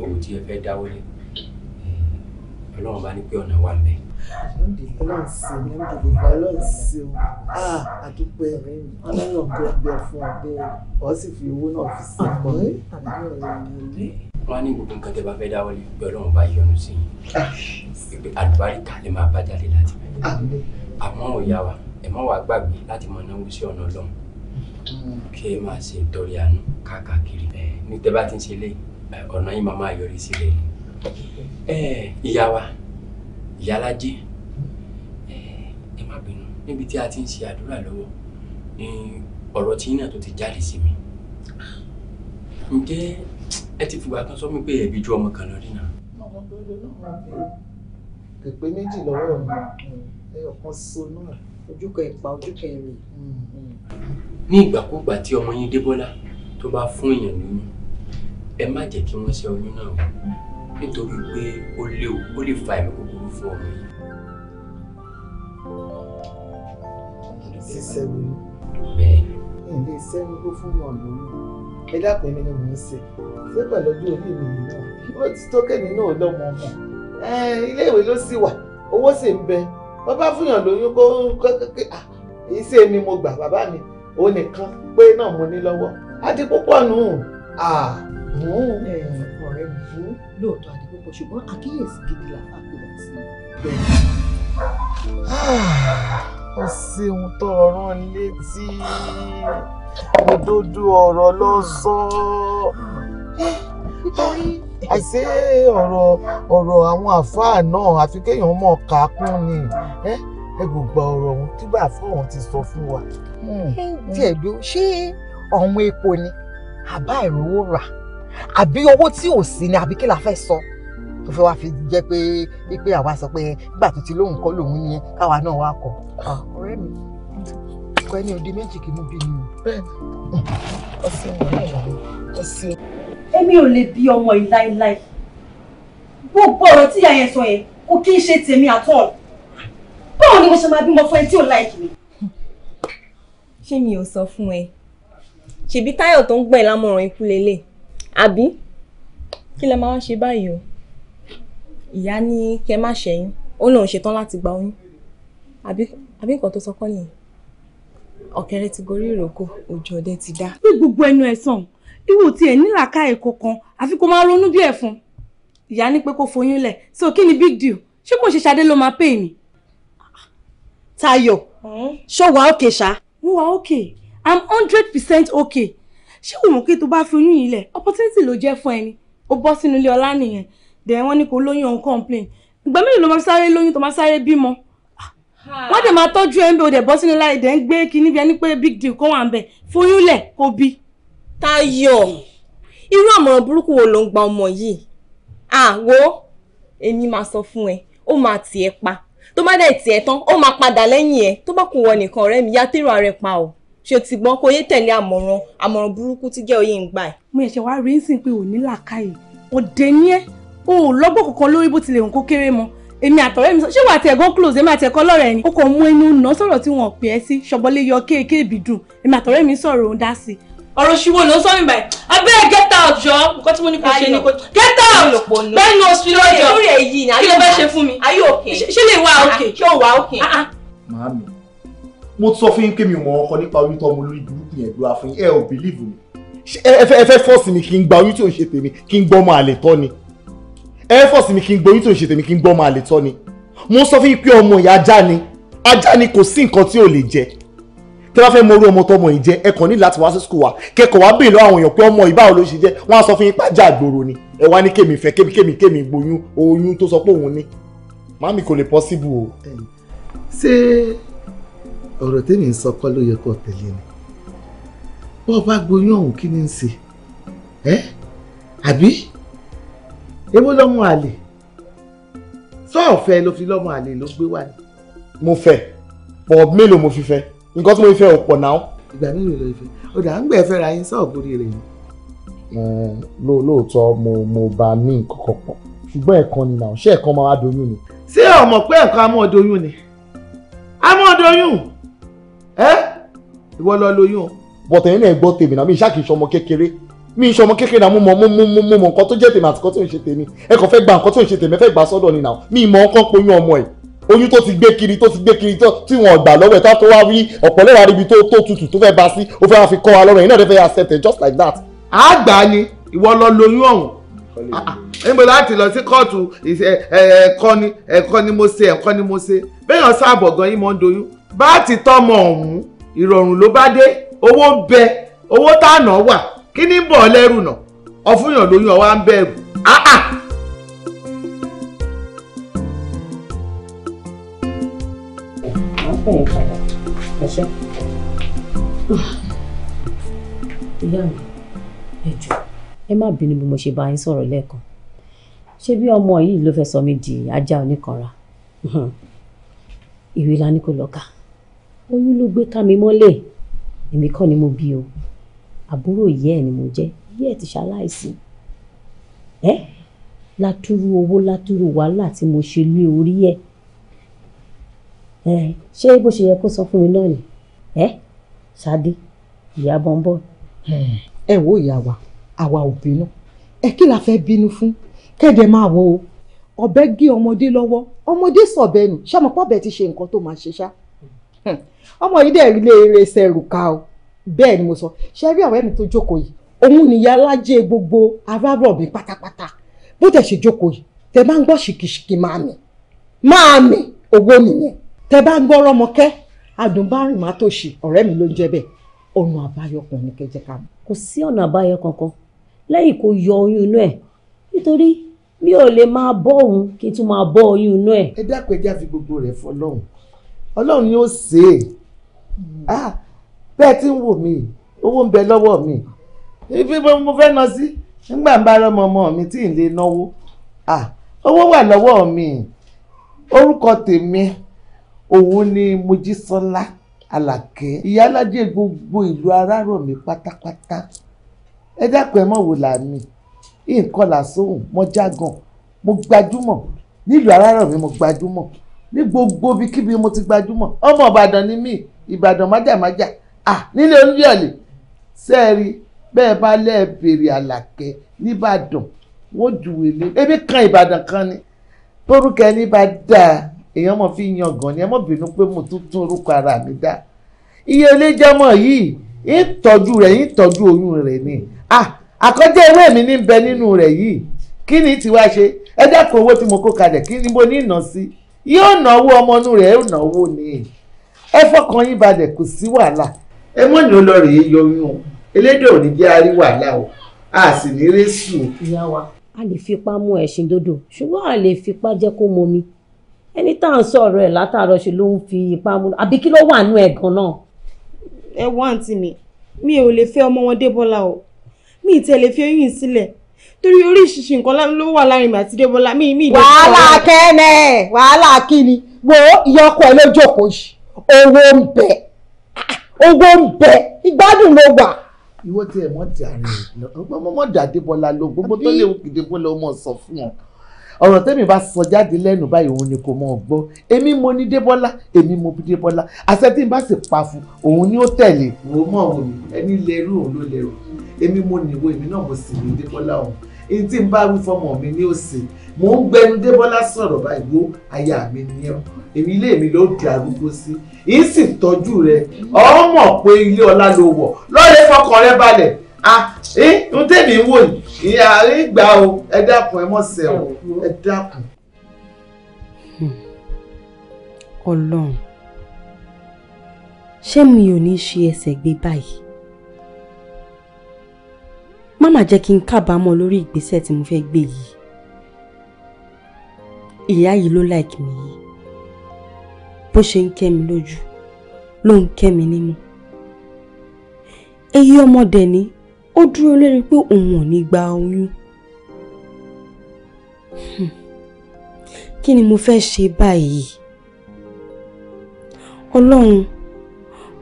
owó tí ẹ fẹ́ dáwọ́lé ọlọ́run bá ní pé ọ̀nà wà ń bẹ àdúpẹ́ ọlọ́run gbẹgbẹ fún ọbẹ̀ ọ sì fi owó náà fi sí ọ̀pọ̀ rẹ̀ wọn á ní gbogbo nǹkan tẹ bá fẹ́ dáwọ́lé bí ọlọ́run bá yọ́nú sí i àlùbáríkà lè máa bá jáde láti bẹ̀rẹ̀ àmọ́ òyà wa ẹ má wàá gbàgbé láti mọ náwó sí ọ̀nà ọlọ́run hmm. kí ẹ máa ṣe ìtọ́rí àánú káàkiri ní tẹ bá ti ń ṣe lé ọ̀nà yìí máa máa yọrí sílẹ̀ ìyá wa ìyálájé ẹ má bínú níbi tí a ti ń ṣe àdúrà lọ́wọ́ ni ọ̀rọ̀ tí yín náà tó ti jáde sí mi ǹjẹ́ ẹ ti fìgbà kan sọ mi pé ẹbí ju ọmọ kan lọ rí náà. pèpè méjì lọ́wọ́ mi ẹyọ kan so náà ojú kan ìpa ojú kan èrè. Hmm. ní ìgbàkúgbà tí ọmọ yín Débọ́lá tó bá fún èèyàn lóyún ẹ má jẹ́ kí wọ́n ṣe oyún náà nítorí pé ó léwu ó lè fa ẹ̀mí kúkúrú fún ọmọ yín. sísẹ́ lóyún bẹ́ẹ̀ ni ilé iṣẹ́ ló fún wọn lóyún ẹ dákun ẹni ni mò ń ṣe ṣé pẹ̀lú ọjọ́ orí mi yìí náà ó ti tó kẹ́mi náà lọ́mọ ọmọ ilé ìwé ló sì wà owó sì ń bẹ bàbá fúnyàn lóyún kó iṣẹ́ mi mo gbà bàbá mi òun nìkan pé náà mo ní lọ́wọ́ adigun pọ̀ nù ọ̀rẹ́ mi fún lóòótọ́ adigun pọ̀ ṣùgbọ́n àkíyèsí gidi làbá pè wá sí i. ó ṣeun tó ọ̀ràn létí òdodo ọ̀rọ̀ ló sọ nítorí àìsí ọ̀rọ̀ ọ̀rọ̀ àwọn àfáà náà àfi kéèyàn mọ̀ ká kún ni ẹ kò gba ọ̀rọ̀ ọ̀hún tí bàbá ọ̀hún ti sọ fún wa. díẹ̀ hmm. bí ó ṣe ọ̀hún epo ni àbá ìrówó rà àbí owó tí ò sí ni àbí kí la fẹ́ sọ tó fẹ́ wá fi jẹ́ pé pé àwa sọ pé nígbà lóhùn kọ́ lòun yẹn káwa náà wá kọ́ ah, ọ̀rẹ́ mi ọkọ ẹni òdi méjì kì í mú bí ni o. bẹ́ẹ̀ni ọsẹ wọn náà wà ọsẹ. èmi ò lè bí ọmọ yìí láéláé gbogbo ọ̀rọ̀ tí ìyá yẹn sọ yẹn kò kí n ṣe tèmi àtọ́ báwo ni mo ṣe máa bímọ fún ẹ tí ò láìkì mi. ṣé mi ò sọ fún ẹ ṣèbí Táyọ̀ tó ń gbẹ̀ lámọ̀ràn ikú lélẹ̀ àbí kí lẹ máa wá ṣe báyìí o ìyá ní kẹ má ṣẹ́yún ó lóun ṣetán láti gba oyún àbí nǹkan tó sọ kọ́ nìyẹn ọ̀kẹ́rẹ́ ti gorí ìrókò ojú ọdẹ ti dá. bí gbogbo ẹnu ẹ sàn ihò tiẹ̀ nílàka èkó kan àfi kó máa ronú bí ẹ̀fọn ìyá ní pé kó foyún lẹ̀ so kí ni big deal ṣé kò ṣe ṣadé ló máa pè mí. Táyọ̀ hmm? ṣọwà òkè ṣá. mo wà òkè i'm hundred percent okay ṣé o mọ̀ pé tó bá fi oyún yìí lẹ̀ opportunity ló jẹ́ fún ẹni ó bọ́ sínú ilé ọlá nìyẹn dẹ̀ wọ́n ní kó lóyún òun complain ìgbà mélòó ló máa sáré lóyún tó máa sáré bímọ wọ́n dẹ̀ máa tọ́jú ẹ̀ ń bẹ̀ ò dẹ̀ bọ́ sínú láì dẹ̀ ń gbé kinní bí ẹni pé big deal kọ́ wà ń bẹ̀ foyún lẹ̀ kó bí. Táyọ̀ irú àmọ̀ràn burúkú wo ló ń gba ọmọ yìí àwo èmi máa sọ fún ẹ ó máa tì ẹ pa tó bá dẹ̀ tì ẹ tán ó máa padà lẹ́yìn ẹ tó bá kù wọ nìkan ọ̀rẹ́ mi yá tèrò ààrẹ pa ọ́ ṣe ti gbọ́n kó yé tẹ̀lé àmọ̀ràn àmọ̀ràn burúkú tí jẹ́ òye ń gbà mo èmi àtọ̀rẹ́ mi sọ ṣé wà á tiẹ̀ gan close èmi àti ẹ̀kọ́ lọ́rẹ̀ ni ó kàn mú inú ná sọ̀rọ̀ tí wọ́n pè é sí ṣọ̀bọ̀lé yọ kéèké ìbídùn èmi àtọ̀rẹ́ mi sọ̀rọ̀ òun dá sí i. ọ̀rọ̀ ṣíwó ló ń sọ nígbà yìí abẹ́rẹ́ get out jọ nǹkan tí mo ní kò ṣe ni kò get out bẹ́ẹ̀ni oṣù lọ́jọ́ kí ló fẹ́ ṣe fún mi ṣé lè wá ah, òkè. Ah, ah. màámi mo sọ fún yín pé mi ò mọ ọkọ nípa orí tọ́ mo lórí burúkú yẹn dúró fún yín ẹ ò bìlíìfù mi ẹ fẹ́ fọ́ọ̀sì mi kí n gba oyún tí ò ń ṣe tèmi kí n gbọ́ ọmọ àlè tọ́ ni air force mi kí n gborí tó ń ṣe tèmi kí n gbọ́ máa lè tọ́ ni mo sọ fún yín pé ọmọ ìyá ajá ni ajá ni kò sí nǹkan tí ò lè jẹ tẹ bá fẹ́ mọ orú ọmọ tọmọ yìí jẹ ẹ kàn ní láti wá sí skul wa kẹkọọ wá bèèrè àwọn èèyàn pé ọmọ ìbáwo ló ṣe jẹ wọn á sọ fún yín pàjá àgbòrò ni ẹ wá ní kémi fẹ́ kémi kémi kémi gboyún oyún tó sọ pé òun ní màmí kò lè pọ́síbù o. ṣé ọ̀rọ̀ tèmi ń sọ kọ́ ló yẹ kó tẹ̀lé ni bọ́ọ̀ bá gboyún ọ̀hún kí ni ń ṣe ẹ́ àbí èwo lọ́mọ àlè sọ́ọ̀fẹ́ ló fi lọ́mọ àlè ló gbé wá ni. mo fẹ́ pọ̀ mélòó mo fi fẹ́ nǹkan tí mo fẹ́ ò pọ̀ náà. ìgbà mélòó ló fẹ́ ọ̀dà à ń gbẹ̀ fẹ́ra yín sọ́ọ̀gbórí rẹ̀ ni. lóòótọ́ mo mo bá ní nǹkan kan pọ̀ ṣùgbọ́n ẹ̀kan ni náà ṣé ẹ̀kan máa wá doyún ni. ṣé ọmọ pé ẹ̀kan amóhùndoyún ni amóhùndoyún ẹ ìwọ lọ lóyún. bọ̀tẹ̀yìn náà gbọ́ tèmi náà mi ìṣàkìṣọ́ ọmọ kékeré mi ìṣọmọ kékeré náà mo mọ mo mo mo mọ nǹkan tó jẹ́ tèmi àti nǹkan tó ń ṣe tèmi ẹ kàn fẹ́ gba nǹkan tó ń ṣe tèmi ẹ fẹ́ gbà sọ́dọ̀ ni náà mi ìmọ̀ nǹkan poyún ọmọ ẹ̀ oyún tó ti gbé kiri tó ti gbé kiri tí wọn gbà lọ́wọ́ ẹ̀ tó tó wá rí ọ̀pọ̀ lẹ́wà ríbi tó tó tutù tó fẹ́ bá sí ó fẹ́ wá fi kọ́ wa lọ́rọ̀ yìí náà lè fẹ́ accept it just like that. àgbà ni ìwọ lọ lóyún ọ̀hún ah, ah. níbo láti lọ sí kóòtù ẹ̀ẹ̀kọ́ ni ẹ̀ẹ̀kọ́ ni mo ṣe ẹ̀ẹ̀kọ́ ni mo ṣe bẹ́ẹ̀yàn sáàbọ̀ ti tọ́mọ ọ̀hún ìrọ̀rùn ló bá dé owó ń bẹ owó kí ni ń bọ̀ lẹ́rù náà ọ̀fúnyàn lóyún ọwá ń bẹ̀rù áà. Ah, ah! ìyá mi ẹ jù ẹ má bínú bí mo ṣe bá yín sọ̀rọ̀ lẹ́ẹ̀kan ṣé bí ọmọ yìí ló fẹ́ sọ mí di ajá oníkanra ìwé la ní kó lọ́ọ́ kà oyún ló gbé ká mi mọ́lẹ̀ èmi kọ́ ni mo bí o àbúrò ìyá ẹ̀ ni mo jẹ́ ìyá ẹ̀ ti ṣaláìsí ẹ́ látúrú owó látúrú wàhálà tí mo ṣe lé orí ẹ̀ ẹ́ ṣé bó ṣe yẹ kó sọ fún mi náà ni ẹ́ Ṣadé ìyá bọ́ńbọ́n. ẹ wo ìyá wa àwa ò bínú ẹ kí la fẹ́ bínú fún kẹ́dẹ̀ máa wo ọ̀bẹ gé ọmọdé lọ́wọ́ ọmọdé sọ̀bẹ nù ṣé ọmọ pọ́bẹ ti ṣe nǹkan tó máa ṣe ṣá ọmọ yìí dẹ̀ rí lè rẹsẹ̀ rù o. bẹ́ẹ̀ ni mo sọ ṣe rí àwọn ẹ̀mí tó jókòó yìí òun nìyá alájẹ gbogbo aráàrọ̀ mi pátápátá bó tẹ̀ ṣe jókòó yìí tẹ bá ń gbọ́ ṣìkìṣìkì máa mì máa mì owó nìyẹn tẹ bá ń ọ̀rẹ́ mi ló ń jẹ́ bẹ́ẹ̀ ọ̀nà àbáyọ kan kẹjẹ ká kò sí ọ̀nà àbáyọ yọ oyún mi ò lè máa bọ́ òun kí n tún máa bọ́ oyún inú ẹ̀. ẹ dákun ẹ gbogbo fọlọ́run ọlọ́run ni ó ṣe é ah, bẹ́ẹ̀ tí ń wò mí owó ń bẹ lọ́wọ́ mi ibi mo fẹ́ ná sí nígbà ń bá rọmọ ọmọ mi tí ì lè náwó owó wà lọ́wọ́ mi orúkọ tèmi òun ni Mojísọ́lá Àlàkẹ́ ìyálájẹ gbogbo ìlú Arárọ̀mí pátápátá ẹ dákun ẹ mọ̀ wò làmì nǹkan làsóhùn mọ́ jágàn mo gbajúmọ̀ nílùú Arárọ̀mí mo gbajúmọ̀ ní gbogbo ibikíbi mo ti gbajúmọ̀ ọmọ Ìbàdàn ni mí Ìbàdàn májàmájà. Maja nílé oúnjẹ ọ̀lẹ̀ sẹ́ẹ̀rí bẹ́ẹ̀ bá lẹ́ẹ̀bẹ̀rẹ̀ àlàkẹ́ nìbàdàn wọ́n júwe lé ebi kan ìbàdàn kan ni torúkọ ẹni bá dáa èèyàn mọ̀ fi yan gan ni ẹ mọ̀ bínú pé mo tún tún orúkọ ara mi dá iye eléjọmọ yìí ń tọ́jú rẹ̀ ń tọ́jú oyún rẹ̀ ni àkọ́jẹ́ ewé mi ní bẹ nínú rẹ̀ yìí kí ni tiwa ṣe ẹ dákun owó tí mo kó kalẹ̀ kí ni mo ní ìná sí yóò náwó ọmọ inú rẹ̀ yóò náwó ni ẹ fọkàn yín balẹ̀ kò sí wàhálà ẹ mọ̀ ní ó lọ rèé yọyún o elédè ò ní jẹ́ àrí wàhálà o a sì ní rẹ́sù. ìyá wa a lè fipá mú ẹṣin dódò ṣùgbọ́n a lè fipá jẹ́ kó mọmi ẹni tá à ń sọ̀rọ̀ ẹ̀ látàárọ̀ ṣe ló ń fi ipá mú àbí kí ló wà nú ẹ̀ gan náà. ẹ wá àǹtí mi mi ò lè fẹ́ ọmọ wọn débọ́lá o mi ì tẹ̀lé fi oyún sílẹ̀ torí oríṣiríṣi nǹkan ló wà láàrin mi àti débọ́lá mi mi. wàhálà kẹ́nẹ̀ wàhálà kí ni wo ìyọkọ̀ ẹ lójókòó yìí owó ń bẹ̀ owó ń bẹ ìgbádùn ló wà. ìwọ tí ẹ mọ ti àárẹ ọmọ dàdébọlá ló gbogbo tó léwu kìdébọlá ọmọ sọ fún ọ ọ̀rọ̀ tẹ́mi bá sọ jáde lẹ́nu báyìí òun ni kò mọ̀ gbọ́ èmi mo ní débọ́lá èmi mo bí débọ́lá àṣẹ tí n bá sì pa fún òun ni ó tẹ̀lé. mo mọ òun ẹni lẹrú òun ló lẹrú èmi mo nìwọ èmi náà mo sì ní débọ́lá òun èyí tí n bá wí fọmọ mi ní òsè mò ń gbẹnu débọ́lá sọ̀rọ̀ báyìí wo aya mi ní ọ èmi ilé mi ló di arúgbó sí yìí sì tọ́jú rẹ ọmọ pé ilé ọlá ló wọ̀ lọ́ọ̀rẹ́ fọkàn rẹ balẹ̀ ah ẹ ń tẹ̀mí wò ní ìyá rí gbà o ẹ dákun ẹ mọ̀ sẹ́ o ẹ dákun. ọlọ́run ṣé mi ò ní ṣe ẹsẹ̀ gbé báyìí má má jẹ́ kí n kábàámọ̀ lórí ìgbésẹ̀ tí mo fẹ́ gbé yìí ìyá yìí ló like mi bó ṣe ń kẹ́ mi lójú ló ń kẹ́ mi nínú èyí ọmọdé ni ó dúró lórí pé òun ò ní gba oyún hmm. kí ni mo fẹ́ ṣe báyìí ọlọ́run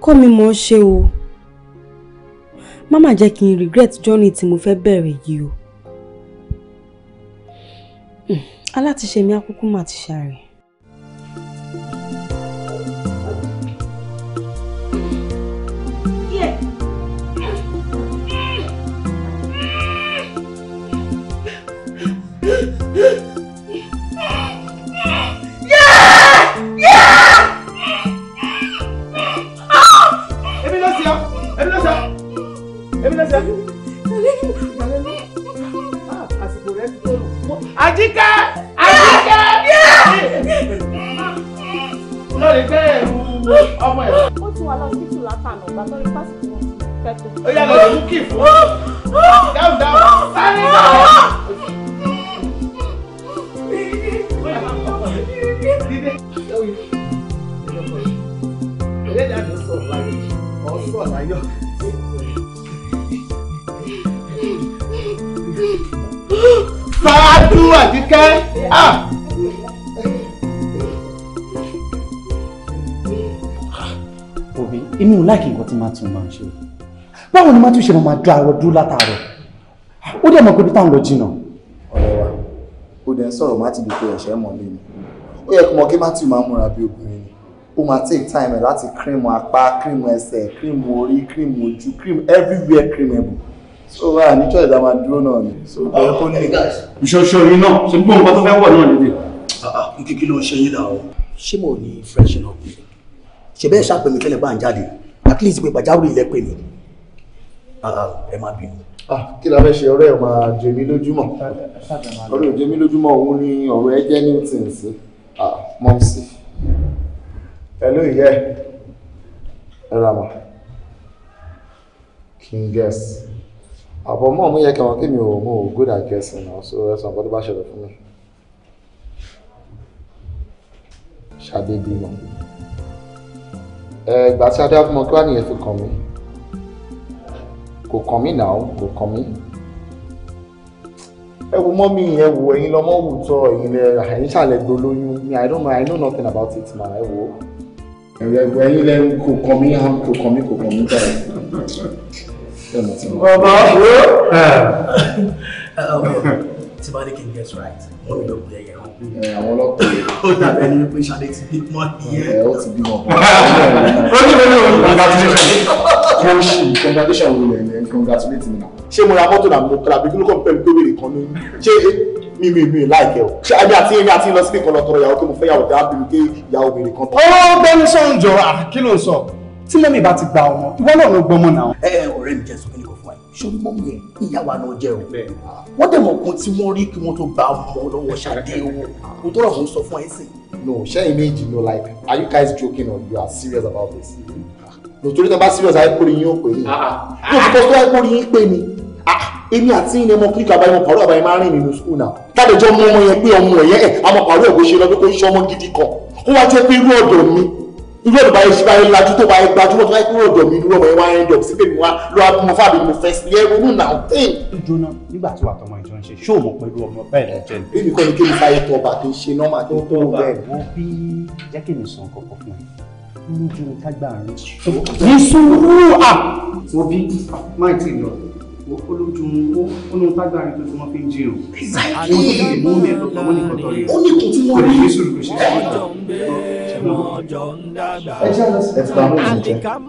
kọ́ mi mọ̀ ọ́ ṣe o má má jẹ́ kí n regret journey tí mo fẹ́ bẹ̀rẹ̀ yìí o hmm. alátiṣe mi á kúkú ti ṣàrẹ̀. matthew ṣe máa dá àrọ dúró látàárọ̀ ó dẹ̀ mọ̀ pé peter ń lọ jìnnà. ọ̀rẹ́ wa ó dẹ̀ ń sọ̀rọ̀ má ti di pé ẹ̀ṣẹ̀ mọ̀ lé ni ó yẹ kí mọ̀ kí matthew máa múra bí obìnrin ni ó máa take time ẹ̀ láti kírìmù apá kírìmù ẹsẹ̀ kírìmù orí kírìmù ojú kírìmù everywhere kírìmù so wa ní church la máa dúró náà ni so bẹ́ẹ̀ kó ní. ìṣọṣọ yìí náà ṣe gbọ́n nǹkan tó fẹ́ wọ̀ náà nídìí. Ah, ah, kíkí ló ń ṣe yín náà o. ṣé mo ní fresh náà ṣe bẹ́ẹ̀ ṣàpèmí tẹ́lẹ̀ bá ń jáde at least pé pàjáwìrì ilẹ̀ pè mí ẹ má bínú. Ah, kí la fẹ́ ṣe ọ̀rẹ́ ẹ̀ máa jẹ mí lójúmọ́ ọ̀rẹ́ ò jẹ mí lójúmọ́ òun ni ọ̀rọ̀ ẹ jẹ́ newton sí ah, mọ́ọ̀sì. hello ìyá ẹ ẹ ra mà kí n guess àbọ̀ mọ́ mú yẹ kí wọn kí mi ò mú o good at guessing náà so ẹ sọ nǹkan tó bá ṣẹlẹ̀ fún mi. ṣàdédé mọ̀ ẹ̀ gbàtí adáfúnmọ́ kí wàá nìyẹn fi kàn mí kò kàn mí náà kò kàn mí. ẹ wo mọ́ mi ẹ wo ẹ̀yin lọ́mọ wùtọ́ ẹ̀yin lẹ ẹ̀yin ṣàlẹ̀ dolóyún mi i don't know i know nothing about it ma ẹ wo. ẹ̀yin lẹ kò kàn mí kò kàn mí kò kàn mí báyìí. bàbá wo. <laughs> Uh, tí bá ní kí n guess right wọ́n mi lọ pè é yẹn àwọn ọlọ́pàá ó dàbí ẹni wípé ṣadé ti bímọ nìyẹn. ó ti bímọ. <laughs> ó ti bímọ bullshit congratulation wo lẹ̀ lẹ̀ congratulate mi na. ṣé mo ra mọ́tò náà mo kọ́ra bí kílókọ̀ pẹ̀lú pé wèrè kan lóyún ṣé eh, mi mi mi láìpẹ́ o ṣé àbí àti èmi àti ìlọsí nìkan lọ tọrọ ìyàwó pé mo fẹ́ yàwó dábì mi pé ìyàwó wèrè kan tán. ọ̀rọ̀ bẹ́ni sọ ń jọ kí ló ń sọ tí mọ́mí bá ti gba ọmọ ìwọ náà ló gbọ́mọ náà. ẹ ẹ ọ̀rẹ́ mi jẹ́ sọ kíni kò fún ẹ sórí mọ́mí yẹn ìyàwó àná jẹ́ o wọ́n dẹ̀ mọ̀ kan tí wọ́n rí kí wọ́n tó gba ọmọ lọ́wọ́ ṣáde o mo tọrọ mo sọ fún ẹ sìn. no ṣẹ́yìn méjì no like are you guys joking or you are serious about this nítorí tó bá serious àìpòrí yín ò pè ní. yóò fi kọ́sọ́ àìpòrí yín pè ní. Ah, èmi àti ìyẹn ọmọ kíríkà báyìí ọmọ pàrọ̀ àbáyé máa ń rìn nínú skul náà. tádẹjọ́ mọ ọmọ yẹn pé ọmọ rẹ̀ yẹn àmọ́ pàrọ̀ ògbó ṣe lọ́dún kó ń ṣe ọmọ gidi kan. ó wá jẹ́ pé irú ọ̀dọ̀ mi irú ọ̀dọ̀ báyìí ṣe báyìí lajú tó báyìí gbajúmọ̀ tó báyìí kúrò ọ̀dọ̀ mi irú ọmọ yẹn wá end sí pé mi wá lọ abúmọ fábí mo fẹ́ sí ẹrú nù náà tẹ́yìn. jóná nígbà tí wàá tọmọ ìjọ ń ṣe ṣóò mọ pẹ̀lú ní ju nǹkan gbà rẹ. ní sùúrù à. òbí má ì tí ì lọ olójúmọ olóhun tágbára tó tí wọn fi ń jiyàn ìwọ tó lè mú mi ẹ̀tọ́ pamọ́ nìkan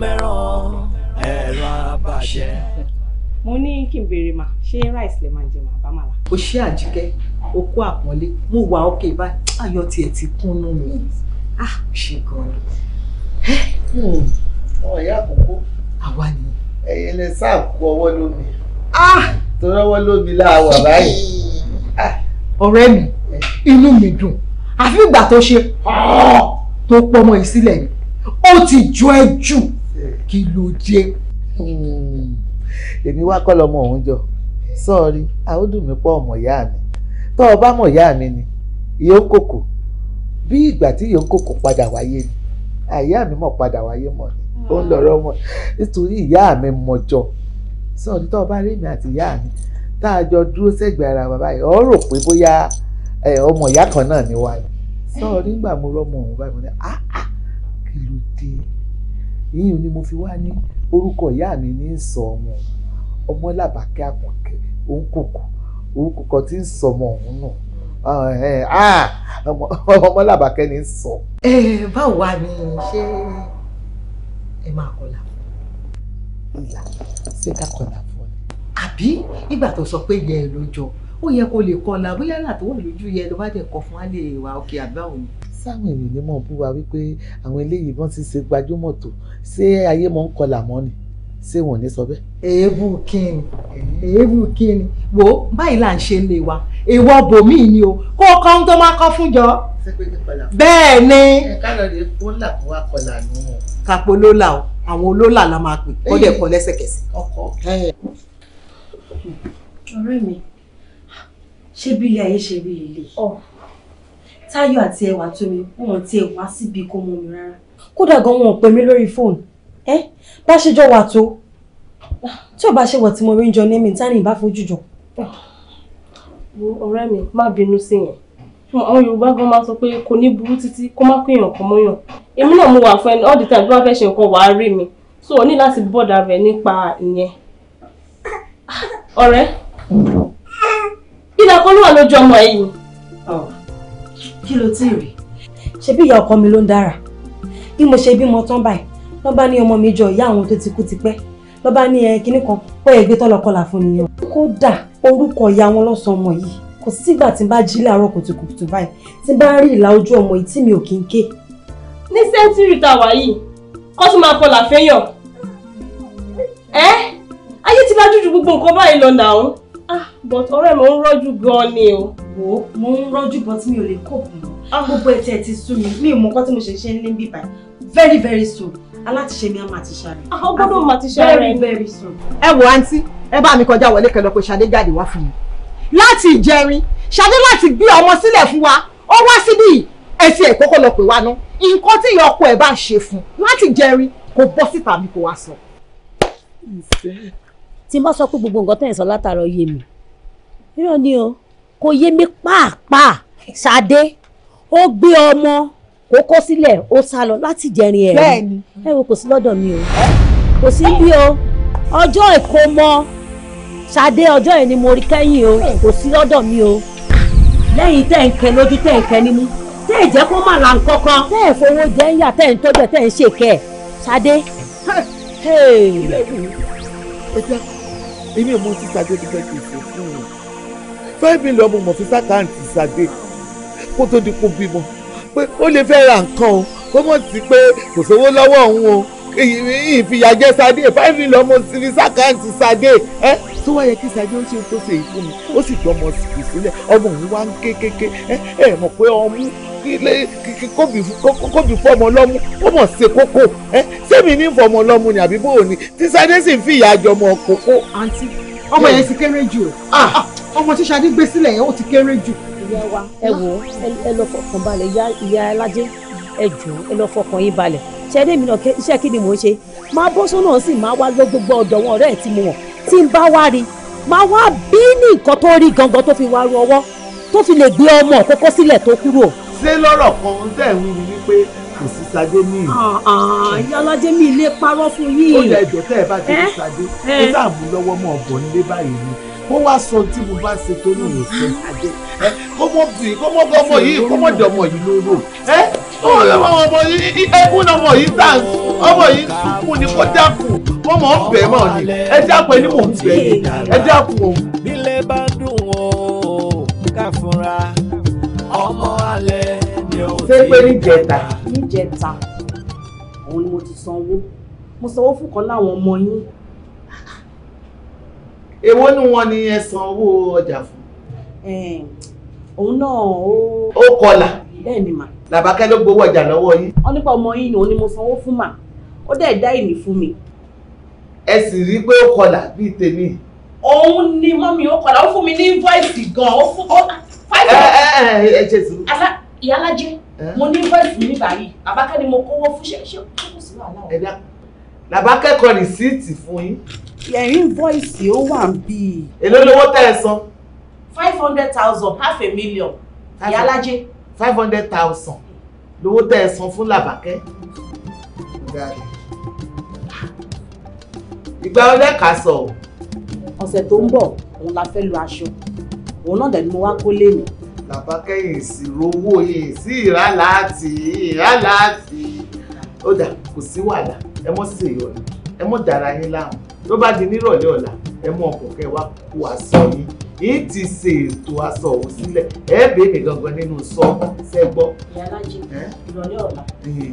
mẹ́ràn ẹ̀rọ abàṣẹ. mo ní kí n béèrè mà ṣé rice lè máa jẹ mà bá mà là. o ṣé àjíkẹ́ o kó àpọ́nlé mo wà ókè báyìí ayọ̀ tiẹ̀ ti kúnnú mi ah ṣe gan-an. wọn hmm. ìyá àkókò. àwa ni. ẹyẹ lẹ sáà kú ọwọ́ lómi. Ah! tó rọwọ́ lómi láàwọ̀ báyìí. Ah. ọ̀rẹ́ mi inú mi dùn àfi ìgbà tó ṣe tó pọ́nmọ́ ìsílẹ̀ yìí ó ti jọ ẹ jù. kí ló jẹ́ èmi wá kọ́ lọ́mọ òun jọ sọ́ọ̀rí àódùn mi pọ̀ ọmọ mi tọ́ ọ bá mọ̀ mi ni ìyókòkò bí ìgbà tí ìyókòkò padà wáyé ni àyà mi mọ̀ padà wáyé mọ̀ ni ó ń lọ̀rọ̀ mọ̀ ìyá mi mọ̀jọ sọ́ọ̀rí tọ́ ọ bá rí mi mi tá a jọ dúró sẹ́gbẹ̀ẹ́ ara ọ rò pé ọmọ ìyá kan náà ni sọ́ọ̀rí mo òun báyìí mo ní ah ah ìyẹn ni mo fi wá ní orúkọ ìyá mi ní sọ ọmọ ọmọ làbàkẹ́ àkùnkẹ́ òun kòkò òun kòkò tí ń sọ ọmọ òun nù ọmọ làbàkẹ́ ní sọ. ẹ báwo wá ni ṣé ẹ máa kọlà fún un. ìlà ṣé ká kọlà fún un. àbí ìgbà tó sọ pé yẹ ẹ ló ó yẹ kó lè kọlà bóyá làtọwọ lójú yẹ ló bá dẹ kọ fún wa lè òkè àbáwò ni sáwọn èèyàn ní mọ̀ bú wa wípé àwọn eléyìí bọ́n ti ṣe gbajúmọ̀ tó ṣé ayé mọ̀ ń kọlà mọ́ ni ṣé wọn ò ní sọ bẹ́ẹ̀. èébù kíni èébù kíni wò ó báyìí là ń ṣe lè wa èèwọ̀ bòmíì ni o kó o kọ́ ń tó máa kọ́ fún jọ. bẹ́ẹ̀ ni. ẹ̀ka lọ rè kó wá kọlà nù. kàpọ̀ ló là o àwọn olólà la máa pè kó dẹ̀ kọ lẹ́sẹ̀kẹsẹ̀. ọkọ ọ̀rẹ́ mi ṣé bí ayé ṣe rí ilé. Táyọ̀ àti ẹwà tó mi wọn ti ẹ̀ wá síbi kó mọ mi rárá. Kódà gan wọn ò pè mí lórí fóònù. Ẹ bá ṣe jọ wà tó. Tí ò bá ṣe wọ̀ tí mo rí ń jọ ní mi, tani ìbá fojú jọ. Ọ̀rẹ́ mi, má bínú sí yẹn. Àwọn Yorùbá gan máa sọ pé kò ní burú títí kó má pé èèyàn kan mọ́yàn. Èmi náà mo wà fún ẹni all the time bí wọ́n fẹ́ ṣe nǹkan wàá rí mi. So o ní láti bọ́dà rẹ̀ nípa ìyẹn. Ọ̀rẹ́, ìdàkọ́ ló wà lójú ọmọ ẹ̀yìn kí ló tí ì rí. ṣebí ìyá ọkọ mi ló ń dára bí mo ṣe bímọ tán báyìí ló bá ní ọmọ mi jọ ìyá àwọn tó ti kú tipẹ́ ló bá ní ẹyin kínní kan pé ẹgbẹ́ tọ́lọ́kọlà fún nìyẹn. kódà orúkọ ìyá wọn lọ́sàn ọmọ yìí kò sí ìgbà tí n bá jí láàárọ̀ kùtùkùtù báyìí tí n bá rí ìlà ojú ọmọ yìí tí mi ò kí ń ké. ní sẹ́ńtúrì tá a wà yìí kó tún máa kọlà fẹ́yàn ẹ́ ayé ti lajú ju gbogbo nǹkan báyìí lọ nàá but ọ̀rẹ́ mo ń rọ́jú gan ni o. wo mo ń rọ́jú bọ́ tí mi ò lè kóòpù mọ́ ah. gbogbo ẹ̀tẹ̀ ti sú mi mi ò mọ nǹkan tí mo ṣe ṣe ní bíbá very very soon alátiṣe mi á máa ti ṣàrẹ̀. Ah, ó gbọ́dọ̀ ah, máa ti ṣàrẹ̀ very very soon. ẹ wo àǹtí ẹ bá mi kọjá wọlé kẹlọ pé Ṣadé jáde wá fún mi láti ìjẹrin Ṣadé láti gbé ọmọ sílẹ̀ fún wa ó wá síbí ẹsẹ̀ ẹ̀ kọ́kọ́ lọ pè wá ná nǹkan tí ìyá ọkọ ẹ̀ bá ń ṣe fún láti ìjẹrin kò bọ́ síta mi kò wá sọ. tí n sọ pé gbogbo nǹkan tẹ̀ látàárọ̀ yé mi irọ́ ni o kò yé mi pàápàá ṣadé ó gbé ọmọ kó kó sílẹ̀ ó sá lọ láti jẹrin ẹ̀rọ ẹ wo kò sí lọ́dọ̀ mi o kò sí bí o ọjọ́ ìkómọ ṣadé ọjọ́ yẹn ni mo rí kẹ́yìn o kò sí lọ́dọ̀ mi o lẹ́yìn tẹ̀ ń kẹ lójú tẹ̀ ń kẹ nímú tẹ́ ẹ̀ jẹ́ kó má la nǹkankan. tẹ́ ẹ̀ fowó jẹ́ ń yà tẹ́ ẹ̀ ń tọ́jú ẹ̀ tẹ́ ẹ̀ ń ṣe kẹ́ ẹ̀ Ṣadé. èmi ò mọ tí Ṣadé ti fẹ́ kì í ṣe fún un five million mo mọ̀ fi sákàǹtì ṣàdé kó tó di kó bímọ pé ó lè fẹ́ ra nǹkan o kó mọ̀ sí pé kò sówó lọ́wọ́ òun o ìfìyàjẹ ṣàdé five million mo sì fi sákàǹtì ṣàdé ẹ tó wáyé kí ṣàdé ó ṣe tó ṣe ìfún mi ó sì jọ ọmọ sì sílẹ̀ ọmọ òun wá ń ké kéké ẹ ẹ mọ̀ pé ọmú kóbi fọmọ lọ́mú ó mọ̀ ṣe kókó ẹ sẹ́mi ní fọmọ lọ́mú ni àbí bóò ni tí ṣàdé sì ń fìyà jọmọ kókó. àǹtí ọmọ yẹn ti kéré jù o. Ah, ọmọ tí Ṣadé gbé sílẹ̀ yẹn ó ti kéré jù. ìyá wa ẹ wò ẹ lọ fọkàn balẹ̀ ìyá aládé ẹ jù ẹ lọ fọkàn yín balẹ̀ ṣẹ́dẹ̀ mi náà iṣẹ́ kí ni mò ń ṣe máa bọ́ sọ́nà sì máa wá lọ gbogbo ọ̀dọ̀ ọ̀rẹ́ tí mo wọ̀n tí ń bá wá rí máa wá bí ní nǹkan tó rí gangan tó fi wá ru ọwọ́ tó fi lè gbé ọmọ kókó sílẹ̀ tó kúrò. ṣé lọ́rọ̀ kan tẹ̀ ń wí ni wípé kò sí Ṣadé ní ìlú. Ah, ah, ìyálàjẹ́ mi lè parọ́ fún yín. ó yẹ ẹjọ́ tẹ́ ẹ bá ti rí ó sàmúlọ́wọ́ mọ́ ọ̀bọ̀ nílé báyìí ni kó wá sọ tí mo bá ṣe tó ní ìwòsàn àjẹ kọmọbìnrin kọmọgọmọ yìí kọmọdé ọmọ yìí lóró ẹ ọmọ yìí ẹkún ọmọ yìí tà ọmọ yìí sunkún ni kó dákun wọn mọ ń mọ ni ẹ dákun ẹni mò ń bẹ ni ẹ dákun o. nílé bá dùn ó ká fúnra ọmọ alẹ́ ni ó ti. ṣé pé níjẹta. níjẹta òun ni mo ti sanwó mo sanwó fún kan láwọn ọmọ yín èwo ni wọ́n ní ẹ san owó ọjà fún. òun náà ó. ó kọlà. bẹ́ẹ̀ ni mà. làbákẹ́ ló gbowó ọjà lọ́wọ́ yín. wọ́n nípa ọmọ yín ni òun ni mo sanwó fún mà ó dẹ̀ dá ìní fún mi. ẹ sì rí pé ó kọlà bíi tèmi. òun ni mọ́mí ó kọlà ó fún mi ní invoice gan ó fún ó five. ẹ ẹ ẹ ṣe sùn. ìyálàjẹ mo ní invoice mi báyìí àbákẹ́ ni mo kówó fún ṣe ṣe kókò sí wàhálà làbá kẹ́kọ̀ọ́ rìsíìtì fún yín. yẹ̀rín voice ó wà ń bí i. èló lówó tẹ́ ẹ san. five hundred thousand half a million ìyálájé. five hundred thousand lówó tẹ́ ẹ san fún làbákẹ́. ìgbà ọdẹ kà sọ. ọ̀sẹ̀ tó ń bọ̀ òun la fẹ́ lo aṣọ òun náà dẹ̀ ni mo wá kó lé mi làbákẹ́ ìṣirò owó yìí sí ìrà láti ìrà láti ó dà kò sí wàhálà ẹ mọ́ sísè yọ̀ ni ẹ mọ́ dára yín láàmú ló bá di nírọ̀lẹ́ ọ̀la ẹ mú ọkọ̀ kẹ́ wá kó aṣọ yín èyí ti ṣe ètò aṣọ òun sílẹ̀ ẹ bèèrè gangan nínú sọ́ọ̀bù ṣẹ́ gbọ́. ìyá alájí ìrọ̀lẹ́ ọ̀la ẹ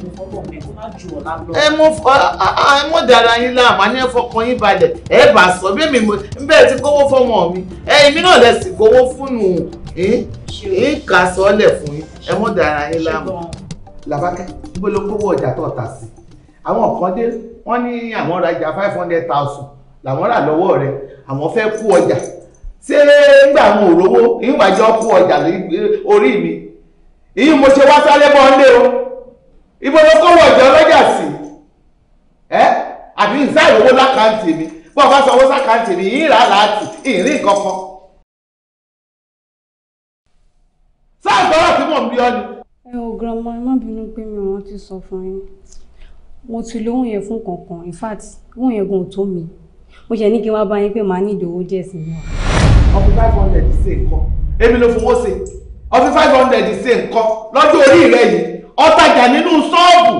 mo fọ́bọ̀ mẹ́ kó má ju ọ̀la lọ. ẹ mọ ẹ mọ dára yín láàmú àní ẹ fọkàn yín balẹ̀ ẹ bá sọ bí mi bẹ́ẹ̀ ti kówó fọmọ mi ẹ̀yin mi náà lẹ sì kówó fún nù ń kà fún yín ẹ mọ dára yín láàmú. làbákẹ́ níbo ló kówó ọjà tó ọ̀tà sí i àwọn kan dé wọ́n ní àwọn rajà five hundred thousand làwọn rà lọ́wọ́ rẹ̀ àwọn fẹ́ kú ọjà ṣé nígbà àwọn òrówó ìwàjọ kú ọjà orí mi èyí mo ṣe wá sáré bọ́ ọ́nlé o ibo ló kọ́ wọ̀jọ́ lọ́jà sí ẹ́ àbí ìsáì owó lákàntì mi bọ́ ọ bá sanwó sákàntì mi ìrà láti ìrìn nǹkan kan. sáà gbọ́dọ̀ tí mò ń bí ọ ni. ẹ ò grandma ẹ má bínú pé mi ò rántí sọ fún yín mo ti lóhùn yẹn fún kankan in fact òun yẹn gan tó mi mo ṣe ní kí n wá bá yín pé màá ní ìdòwò díẹ̀ sí i. ọ̀pọ̀ five hundred ṣe nǹkan èmi ló fowó ṣe ọ̀pọ̀ five hundred ṣe nǹkan lọ́jọ́ orí rẹ̀ yìí ọ̀tajà nínú ṣọ́ọ̀bù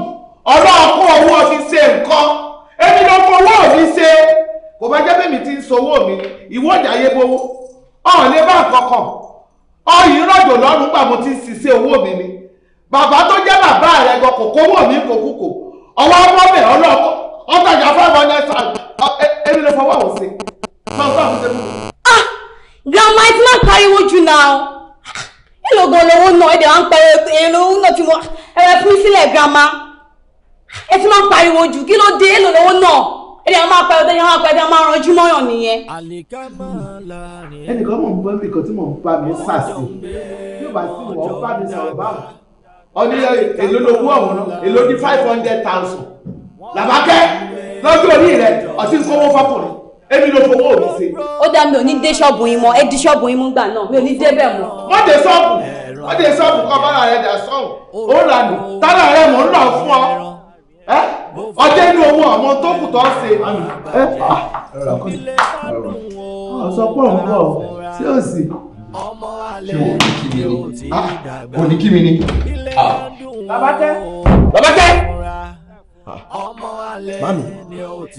ọlọ́ọ̀kọ́ owó fi ṣe nǹkan èmi ló fowó mi ṣe kò bá jẹ́ bẹ́ẹ̀ mi ti ń sowó mi ìwọ ìdáyé gbowó ọ̀hún lè bá kankan ọ̀yìn rọ̀jò lọ́rùn gbà mo ti ń ṣiṣẹ́ owó mi ni bàbá tó jẹ́ bàbá rẹ̀ gan kò kówó mi kò kú ọwọ́ ọmọbẹ̀ ọlọ́kọ ọtajà five hundred thousand èmi ló fọwọ́ òsè máa bá ah grandma ẹ ti máa ń pariwo jù náà èlò ah, gan lówó náà ẹ̀dẹ̀ máa ń pariwo èlò owó náà tí mo ẹ̀rẹ̀ fún sílẹ̀ grandma ẹ ti máa ń pariwo jù kí ló dé èlò lówó náà ẹ̀dẹ̀ máa pariwo tẹ́lẹ̀ máa pariwo máa ranjú mọ́yàn nìyẹn. ẹnìkan mọ̀ ń bọ́ mi kan tí mò ń bá mi sàṣì yóò bá sí ìwọ bá mi sọ̀rọ̀ ọní èlò lówó ọ̀hún náà èlò ní five hundred thousand làbákẹ́ lọ́jọ́ orí rẹ̀ ọtí sọ́wọ́ fọkùnrin èmi ló fowó mi ṣe. ó dá mi ò ní dé ṣọ́ọ̀bù yín mọ́ ẹ di ṣọ́ọ̀bù yín mú gbà náà mi ò ní débẹ̀ mọ́. wọ́n dé ṣọ́ọ̀bù wọ́n dé ṣọ́ọ̀bù kan bára rẹ̀ dà sọ́ọ̀bù ó rà nù tára rẹ̀ mò ń nà fún ọ ọjọ́ inú owó ọmọ tó kù tó ṣe. ọ̀sọ́ pọ̀ ń bọ̀ sí òsì ọmọ alẹ́ yóò ti dàgbà òní kí mi ni. Ah, babatẹ ah. babatẹ. mami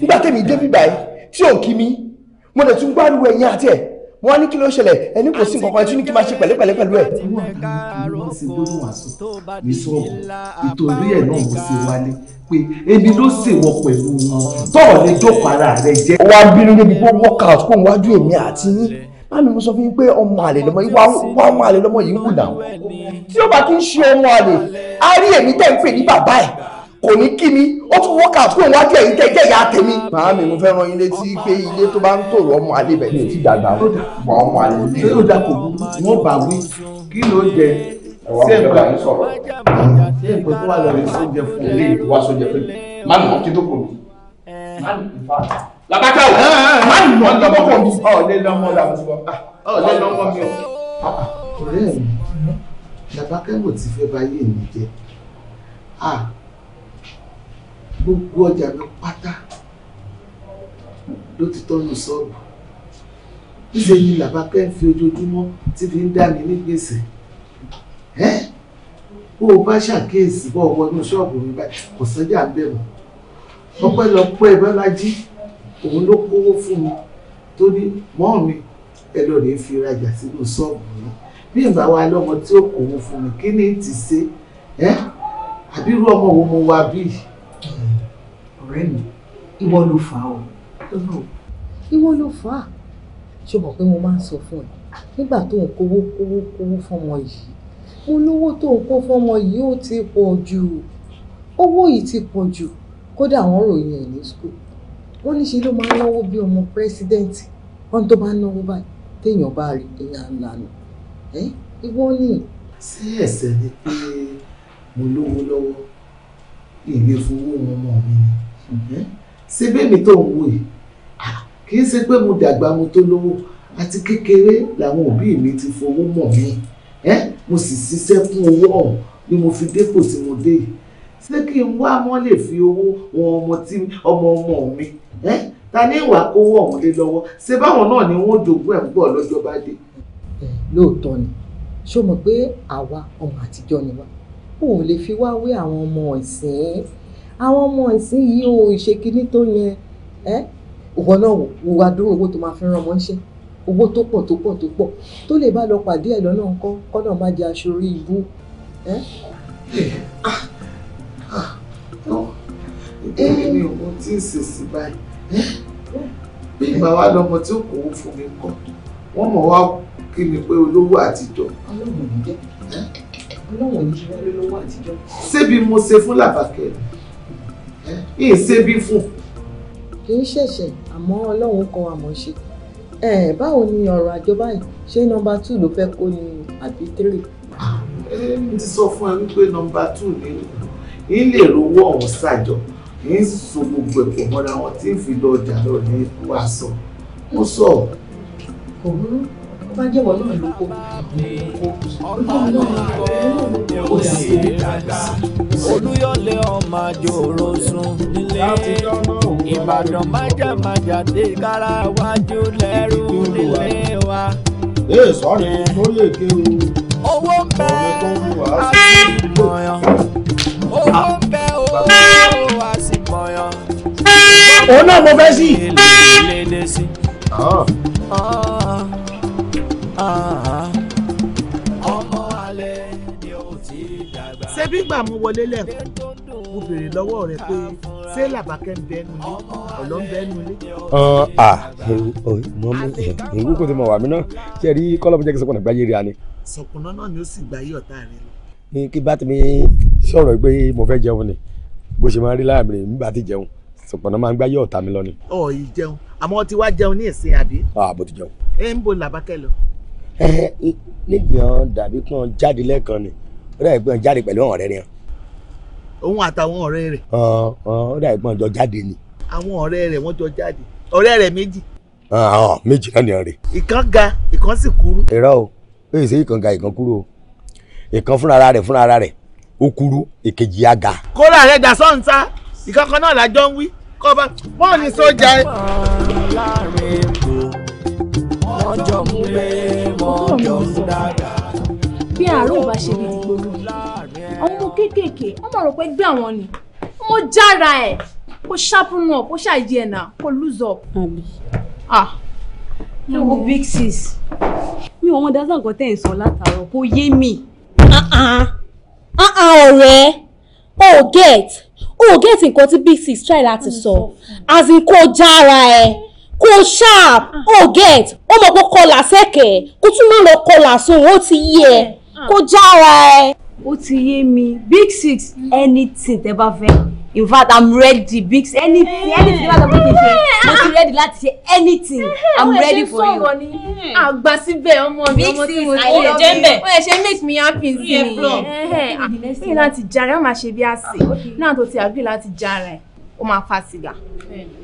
nígbà tẹ̀mí dé bíbá yìí tí ò kí mi mo lè tún gbárùú ẹ̀yìn àti ẹ̀ wọ́n á ní kí ló ṣẹlẹ̀ ẹni kò sí nǹkan kan tí ní kí máa ṣe pẹ̀lẹ́pẹ̀lẹ́ pẹ̀lú ẹ̀. ìwọ àtàwọn ọmọ sì gbóná wà sùn ìtòrí ẹ̀ náà mo ṣe wálé pé ebi ló ṣèwọ pẹ̀lú wọn tọ́ọ̀ lè jókòó ara rẹ jẹ́. ó wá bínú débi pé workout kó wájú èmi àti yín láàmì mo sọ fún yín pé ọmọ àlè lọmọ yìí wá ọmọ àlè lọmọ yìí ń kùnà tí ó bá kí ń ṣe ọmọ àlè á rí èmi tẹ́ ń pè ní bàbá ẹ̀ kò ní kí mi ó tún wọ́kà fún òun wájú ẹ̀yìn tẹ́jẹ́ ìyá tèmi. màámi mo fẹ́ràn ilé tí pé ilé tó bá ń tòrò ọmọ àlè bẹ̀ ní ti dàgbà wà ọmọ àlè ní. ṣé ó dàpọ̀ wọ́n bá wí kí ló jẹ sí ẹ̀gbọ́n mi fún ilé làbákà wò. má nà lọ́wọ́ mi. ọ lè lọ ọmọ rà mí wọ ọ lè lọ ọmọ mi o. ọ̀rẹ́ mi làbákà wò ti fẹ́ bá yé mi jẹ ah, gbogbo ọjà mi pátá ló ti tọ́nu sọ́ọ̀bù níṣẹ́ ni làbákẹ́ ń fi ojoojúmọ́ tí fi ń dá mi ní gbèsè ẹ́ bó o bá ṣàkíyèsí bọ́ ọ wọnú ṣọ́ọ̀bù mi báyìí kò sọ́jà ń bẹ̀ mọ́ ọpẹ́lọpẹ́ bọ́lájí òun ló kówó fún mi tó ní mọ́ mi ẹ lọ rèé fi rajà sínú ṣọ́ọ̀bù náà bí ìgbà wa lọ́mọ tí ó kówó fún mi kí ni ti ṣe ẹ́ àbí irú ọmọ wo mo wá bí. ọ̀rẹ́ mi ìwọ ló fà á o ìwọ ló fà á ṣé o mọ̀ pé mo máa ń sọ fún ẹ nígbà tó ń kówó kówó kówó fọmọ yìí mo lówó tó ń kó fọmọ yìí ó ti pọ̀ jù owó yìí ti pọ̀ jù kódà wọ́n ròyìn ẹ̀ ní school wọ́n ní ṣe ló máa ń náwó bí ọmọ pírẹ́sídẹ́ǹtì wọ́n tó bá ń náwó báyìí téèyàn bá rí èèyàn lànà ẹ́ ìwọ ni. sí ẹ̀sẹ̀ ni pé mo lówó lọ́wọ́ ìwé fowó wọn mọ̀ mi ni síbẹ̀ mi tó ń wò yìí kì í ṣe pé mo dàgbà mo tó lówó àti kékeré làwọn òbí mi ti fowó mọ̀ mi mo sì ṣiṣẹ́ fún owó ọ̀hún ni mo fi dépò tí mo dé yìí ṣé kí n wá mọ́ lè fi owó wọn ọmọ tí ọmọ ọmọ mi ta ní ìwà kówó ọ̀hún lé lọ́wọ́ ṣe báwọn náà ni wọ́n jogún ẹ̀ púpọ̀ lọ́jọ́ bá dé. lóòótọ́ ni ṣó mọ̀ pé àwa ọmọ àtijọ́ ni wá ò lè fi wá wé àwọn ọmọ ìsìn àwọn ọmọ ìsìn yìí o ṣe kinní tó yẹn ẹ́ ìwọ náà wò wá dúró owó tó máa fi ràn mọ́ ṣe owó tó pọ̀ tó pọ̀ tó pọ̀ tó lè bá lọ pàdé ẹ̀ lọ́nà ńkọ́ kọ́nà má jẹ́ aṣọ orí ibú. èmi ah, ah, ah. ò mọ tí ì sèṣì báyìí bí ìgbà wa lọmọ tí ó kòwó fún mi kọ wọn mọ wá kí mi pé olówó àtijọ́. ọlọ́run ní jẹ́ ọlọ́run ní ṣe wọ́n lówó àtijọ́. ṣébi mo ṣe fún làbàkẹ́ yìí ṣébi fún. kì í ṣẹ̀ṣẹ̀ àmọ́ ọlọ́run kan àmọ́ ṣe báwo ni ọ̀rọ̀ àjọ báyìí ṣé nọ́mbà two ló fẹ́ kó ni àbí three. mo ti sọ fún ẹ wípé nọ́mbà two ni n lè rówó ọ̀hún ṣàjọ kì í so gbogbo ẹ̀pọ̀ mọ́ra wọn tí fi lọ ọjà lọ ní wàásù mo sọ. kò burú ó bá jẹ́wọ́ náà ló kó kó sí olúyọlé ọmọ àjòrò sùn nílé ìbàdàn májàmájà dé kára wájú nílé wa. ee sọ́ọ̀rì tó lè ké o. owó ń bẹ àti ìmọ̀yàn owó ń bẹ o òun náà mo fẹ́ sí. ṣé bí gbà mú wọlé lẹ́kọ̀ọ́ mo béèrè lọ́wọ́ rẹ pé ṣé làbákẹ́ ń bẹ́nu ilé ọ̀lọ́ ń bẹ́nu ilé. à mọ mi ìwú kò tí mo wà mí náà ṣe rí kọ́lọ́mù jẹ́ kí sọkùnà gbáyé rí a ni. sọkùnà náà ni ó sì gbáyé ọ̀tá rẹ lọ. kí bá ti mi sọ̀rọ̀ pé mo fẹ́ jẹun ni bó ṣe máa ń rí láyà mi rè nígbà tí jẹun ṣùpọ̀nà máa ń gbá yóò ta mi lọ ni. ọ ì jẹun àmọ́ ti wá jẹun ní ìsìn àbí. a bó ti jẹun. ẹ ń bo làbákẹ́ lọ. ẹ nígbìyàn dàbí kàn jáde lẹ́ẹ̀kan ni ó dàbí kàn jáde pẹ̀lú àwọn ọ̀rẹ́ rẹ̀. òun àtàwọn ọ̀rẹ́ rẹ̀. ó dàbí kàn jọ jáde ni. àwọn ọ̀rẹ́ rẹ̀ wọ́n jọ jáde ọ̀rẹ́ rẹ̀ méjì. méjì náà nìyẹn rè. ìkan ga ìkan sì kúrú. irọ́ o èyí sì ìkan ga ìkan kúrú o ìkan fúnra rẹ̀ fúnra rẹ̀ okuru èkejì àga. kóra rẹ dà sọ́ǹsà ìkankan náà lájọ ń wí kọ́ba bọ́ọ̀lù sójà ẹ. bí àárọ̀ ò bá ṣe bí ìgboro ọmọ kéékèèké ọmọ rò pé gbé àwọn ni mo jára ẹ kó sharpen up kó ṣàyí ẹ̀ náà kó lose up. ah ẹ wo hmm. big sis mi ò wọn dá sí nǹkan tẹ̀ ń sọ látàárọ̀ kó yé mi. Ah, ah ah ọ̀rẹ́ o get o get nǹkan tí big six try láti mm, sọ as in kò jára ẹ kò sharp ah. o get ó mọ̀ pé kọlà sẹ́kẹ̀ kó tún má lọ kọlà sóun ó ti yé ẹ ah. kò jára ẹ. ó ti yé mi big six anything tẹ bá fẹ́ in fact i'm ready bix eh. anything anything bá sọ pé kì í ṣe ready láti ṣe anything eh, eh, i'm ready for you. àgbà hmm. ah, síbẹ̀ ọmọ mi ọmọ tí mo ṣe ó jẹ́ bẹ̀ ó yẹ ṣe make me happy sí ah, mi ní láti jàre má ṣe bí àṣẹ ah, náà tó ti àgbè láti jàre ó máa fa sìgá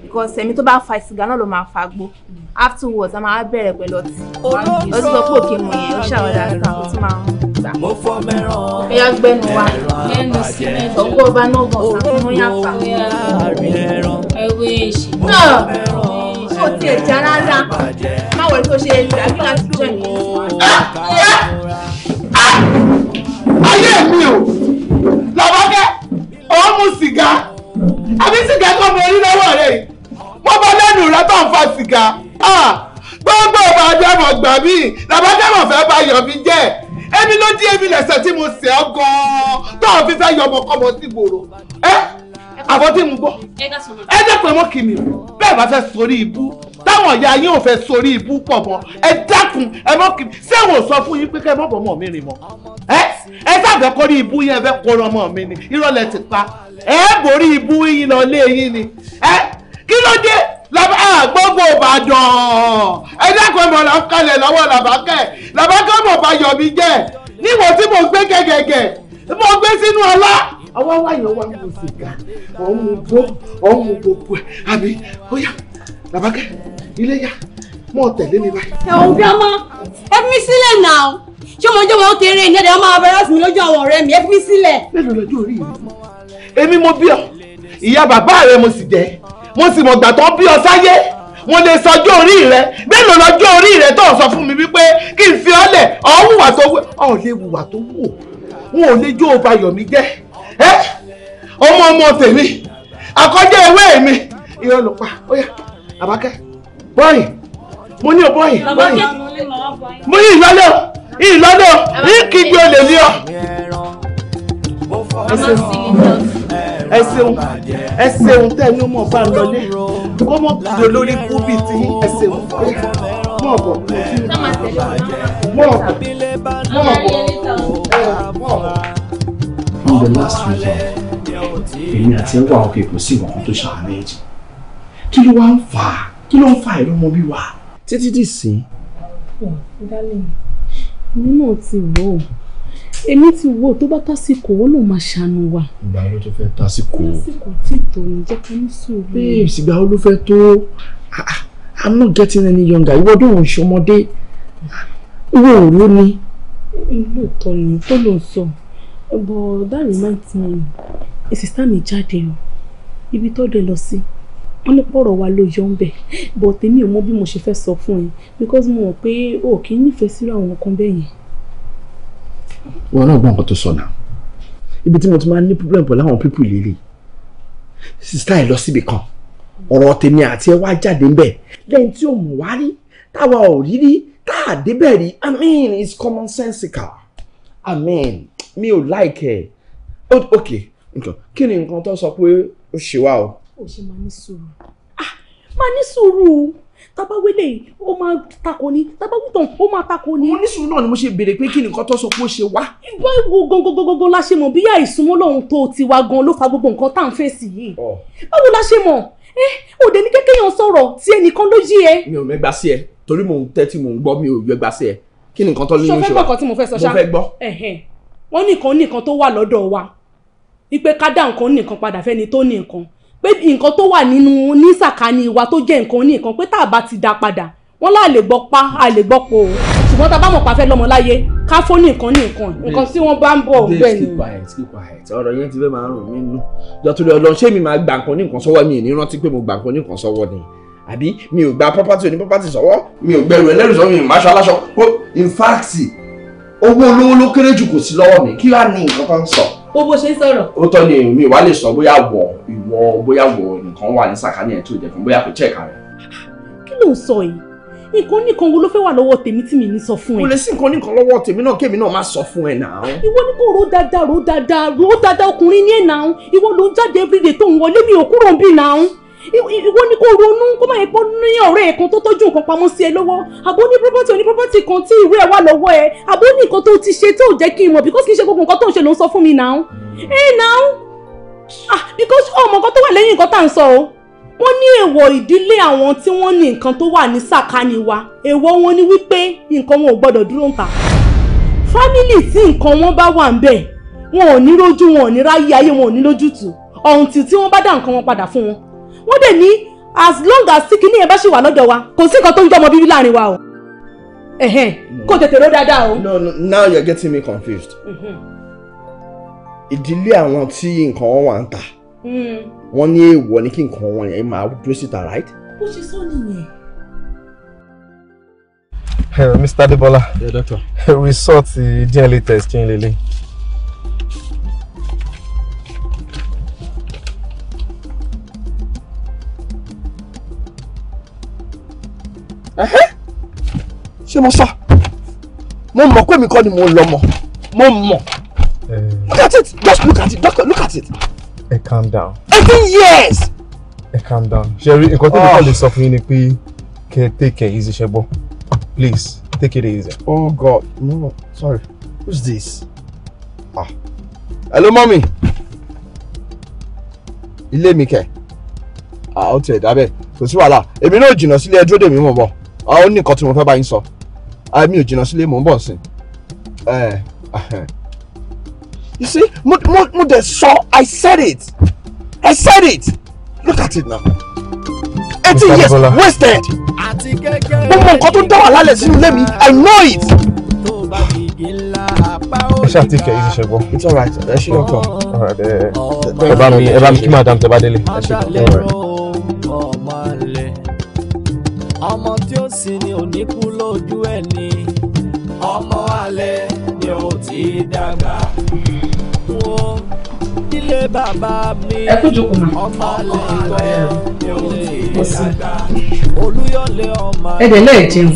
because ẹ̀mí tó bá fa sìgá náà ló máa fa gbó mm. afterwards a máa bẹ̀rẹ̀ pẹ̀lú ọtí ó sì sọ pé òkè mu yẹn ó ṣàwádà rẹ̀ ó tún máa ń ta. mo fọ mẹ́ràn ẹ̀yà gbẹ́nu wa lẹ́nu sí mẹ́tọ́ kó o bá náà bọ̀ sá fún yà fà. ẹ̀wẹ̀ èṣì. náà ó tiẹ̀ já rárá má wọlé tó ṣe lè àbí láti jẹ́ mi. Ah! Ah! Ah! ayé mi ò làwọn kẹ́ ọ̀ mú sìgá àbí sìgá kan mo rí lọ́wọ́ rẹ̀ mo bọ́ lẹ́nu rẹ̀ tó ń fa sìgá gbogbo ọba àjọmọ̀ gbà mí làbájámọ̀ fẹ́ bá yọ̀ mí jẹ́ èmi ló dí èmi lẹ̀sẹ̀ tí mo sẹ̀ ọ́ gan-an tó ń fi fẹ́ yọ ọmọkọ́mọ sí gbòòrò ẹ́ àbọ̀ tí mo gbọ́ ẹ jẹ́ pé mo kì mí bẹ́ẹ̀ bá fẹ́ sórí ibú táwọn ìyá yín ò fẹ́ sórí ibú pọ̀ mọ́ ẹ dákun ẹ mọ́ kì mí ṣé wọn ò sọ fún yín pé kẹ́ ẹ mọ́ bọ̀ mọ́ mi rìn mọ́ ẹ ẹ sábẹ́ kórí ibú yẹn fẹ́ kó ọmọ mi ni irọ́ lẹ ti pa ẹ borí ibú yín lọ lé yín ni ẹ kí ló dé làbá gbogbo ìbàdàn ẹ dákun ẹ mọ̀ là ń kalẹ̀ lọ́wọ́ làbákẹ́ làbákẹ́ mọ̀ bá yọ̀ mí jẹ́ níwọ̀n tí mo gbé gẹ́gẹ́gẹ́ mo gbé sínú ọlá àwọn aláyọ̀ wa mú sìgá ọ̀hún gbó ọ̀hún gbogbo ẹ̀ àbí ó yá làbákẹ́ ilé yá mọ́ tẹ̀lé mi báyìí. ẹ ò grandma ẹ fi mí sílẹ̀ náà ṣé ọmọ ìjọba ó kéré ìnáde ọmọ abẹ́rẹ́ sí mi lójú àwọn ọ̀rẹ́ mi ẹ fi mí sílẹ̀. mélòó lọ́jọ́ orí yìí èmi mo bí ọ ìyá bàbá rẹ mo sì jẹ mo sì mọ̀gbà tó bí ọ sáyé mo lè sọjọ́ orí rẹ bẹ́ẹ̀ ló lọ́jọ́ orí rẹ tó sọ fún mi wípé kí n fi ọ́ lẹ̀ ọ́ hùwà tó wù ọ́ lè hùwà tó wù ọ́ wọn ò lè jó bayọ̀ mi jẹ́ ẹ́ ọmọ ọmọ tèmi àkọjá ewé mi irọ́ ló pa ó yá àbákẹ́ bọ́yìn mo ní o bọ́yìn bọ́yìn mo ní ìlọ́lẹ̀ o ìlọ́lẹ̀ o ní kígbe olè ní ọ ẹ ṣeun tẹ ní ọmọ bá ń lọlé kọmọ tó lórí kú bíi ti ẹ ṣeun mọ ọbọ mọ ọbọ mọ ọbọ. on the last resort èmi àti ẹ wà òkè kò sí ìwọ̀n kan tó ṣàárẹ̀ ẹ̀jẹ̀ kí ló wá ń fà á kí ló ń fa ìrọmọ bí wa títí dì sí. ọ̀ oh, dálẹ̀ èmi náà ti wò ó èmi ti wo tó bá tásìkò ó lòun máa ṣàánú wa. ìgbà ló tó fẹ́ tásìkò. tásìkò tí ìtò jẹ́ ká ní sùúrù. babe ìgbà wo ló fẹ́ tó ah, ah, i'm not getting any younger ìwọ ọdún òun ṣọmọdé ìwọ òun ló ní. lóòótọ́ ni tó ló ń sọ but that reminds me sista mi jáde o ibi tó dé lọ sí wọn ní pọ̀rọ̀ wa ló yọ ń bẹ̀ but èmi ò mọ bí mo ṣe fẹ́ sọ fún ẹ because mo mọ̀ pé o kì í nífẹ̀ẹ́ sí àwọn nǹkan bẹ́ẹ̀ yẹn wọn náà gbọ́ nǹkan tó sọ náà ibi tí mo ti máa ní problem pẹ̀lú àwọn pípù líle sista ẹ̀ lọ síbi kan ọ̀rọ̀ tèmi àti ẹ wá jáde ńbẹ̀ lẹ́yìn tí ò mú wá rí táwa ò rí rí tá a débẹ̀ rí i mean it's common sensical i mean mi ò like ẹ ok nǹkan kí ni nǹkan tó sọ pé ó ṣe wá o. o ṣe máa ní sùúrù. ah máa ní sùúrù o tábà wílé yìí ó máa takò ní tábà wítàn ó máa takò ní. mo ní sùúrù náà ni mo ṣe béèrè pé kí nǹkan tó sọ pé ó ṣe wá. báwo gangan la ṣe mọ̀ bí àìsúnmọ́ lọ́hún tó ti wá gan ló fa gbogbo nǹkan tá à ń fèsì yìí. báwo la ṣe mọ̀ ẹ òde ní kékeré yẹn sọ̀rọ̀ tí ẹnìkan ló jí ẹ. mi ò mẹ́gbà sí ẹ torí mò ń tẹ́tí mò ń gbọ́ mi ò gbẹ́gbà sí ẹ kí nǹkan tó ní mo ṣe wá. sọ fẹ́ gbọ́ tí mo fẹ́ sọ ṣá mo fẹ́ gbọ́. wọ́n nìkan nìkan tó wà lọ́dọ̀ wa wípé ká dá nǹkan nìkan padà fẹ́ni tó ní nǹkan pé nǹkan tó wà nínú ní sàkání wa tó jẹ́ nǹkan ní nǹkan pé tá a bá ti dá padà wọ́n lá lè gbọ́ pa a lè gbọ́ po ṣùgbọ́n tá a bá mọ̀ pa fẹ́ lọ́mọ láyé ká fó ní nǹkan ní nǹkan nǹkan tí wọ́n bá ń bọ̀ bẹ́ẹ̀ ni. ọ̀rọ̀ yẹn ti fẹ́ máa rùn mí nù jọ́túlẹ̀ ọlọ́run ṣé mi máa gba nǹkan ní nǹkan sọ́wọ́ mi ní rántí pé mo gba nǹkan ní nǹkan sọ́wọ́ ni àbí mi ò gba property oní property sọ́wọ́ mi ò gbẹrù ẹlẹ́rù sọ́wọ́ mi ò máṣọ aláṣọ owó olówó ló kéré jù kò sí lọ́wọ́ mi kí wàá ní nǹkan kan sọ o bó ṣe ń sọ̀rọ̀. ó tọ́ ni mi wá lè sọ bóyá wọ ìwọ bóyá wọ nǹkan wà ní sàkání ẹ̀ tó jẹ fún bóyá kò chẹ́ẹ̀ka rẹ̀. kí ló ń sọ yìí nǹkan oníkan wo ló fẹ́ wà lọ́wọ́ tèmi tí mi ní sọ fún ẹ. kò lè sí nǹkan oníkan lọ́wọ́ tèmi náà kémi náà má sọ fún ẹ náà. ìwọ ní kò ro dáadáa ro dáadáa ro dáadáa ọkùnrin ní ẹ̀ náà ìwọ ló ń jáde everyday tó ń wọlé mi ò kúrò ń bì náà ìwọ ni kò ronú kó má yẹ pé ní ọ̀rẹ́ kan tó tọ́jú nǹkan pamọ́ sí ẹ lọ́wọ́ àbó ní property oní property kan tí ìwé ẹ̀ wà lọ́wọ́ ẹ àbó ní nǹkan tó ti ṣe tó jẹ́ kí n mọ̀ because kì í ṣe gbogbo nǹkan tó ń ṣe ló ń sọ fún mi now eh now ah because ọmọ nǹkan tó wà lẹ́yìn nǹkan tá à ń sọ o wọ́n ní èèwọ̀ ìdílé àwọn tí wọ́n ní nǹkan tó wà ní sàkání wa èèwọ̀ wọn ni wípé nǹkan wọn ò gbọ́dọ̀ dúró ńta fámìlì tí nǹkan wọn bá wà ń bẹ̀ wọn ò ní rójú wọn ò ní ráyé ayé wọn ò ní lójútùú ọ̀hún tí tí wọ́n bá dá nǹkan wọn padà fún wọn wọ́n dẹ̀ ní as long as tí kinní yẹn bá ṣì wà lọ́dọ̀ wa kò sí nǹkan tó ń jọmọ bíbí láàrin wa o kò tètè ró dáadáa o. no no now you're getting me confused. ìdílé àwọn tí nǹkan wọn wà ń tà mm-hmm. wọ́n ní èèwọ̀ ní kí nǹkan wọn yẹn máa dúró síta right. bó ṣe sọ nìyẹn. Mr. Debola, yeah, doctor. the DNA test yín lélẹ̀. ṣé mo sọ mo mọ̀ pé mi kọ́ ni mo lọ mọ̀ mo mọ̀ eh. look at it just look at it doctor look at it. ẹ eh, calm down. eighteen years. ẹ eh, calm down Sherry. nǹkan tó lè kọ́ lè ah. sọ fún yín ni pé kẹ ẹ take care. easy ṣe gbọ́ please take it easy. oh god no sorry who's this. ah hello mommy ilé mi kẹ ah ó tiẹ̀ dábẹ́ kò sí wàhálà èmi náà jìnnà sílé ẹ dúró dè mí mọ̀ bọ̀. Ah, ó ní nǹkan tí mo fẹ́ bá yín sọ ah, mi ò jìnnà sílé mò ń bọ̀ sí eh, eh. you see mo mo mo dẹ̀ sọ i said it i said it look at it now eighteen years wasted mo mọ nǹkan tó ń dá wà lálẹ́ sínú ilé mi i know it. ẹ ṣáà tí kẹ yìí ti ṣe gbọ́. it's alright ẹ ṣe eh, lọ́tọ̀. ẹ bá mi ẹ bá mi kí bá délé. ẹ ṣe lọ́tọ̀ ọmọ tí ó sì ní òní kú lójú ẹ̀ ni. ọmọ alẹ́ ni ó ti dàgbà. wo ilé bàbá mi ọmọ alẹ́ ìgbẹ́ ni ó ti dàgbà. olúyọ̀lé ọmọ ẹ̀dẹ̀ lẹ́ẹ̀jẹun.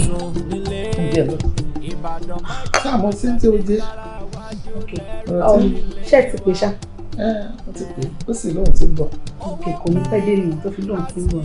ìbàdàn máa ń sàmọ sí ti o jẹ. ṣé ẹ ti pè ṣá ó ti pè ó sì lóun ti bọ̀. kò ní pẹ́ dé nìyí tó fi lóun ti bọ̀.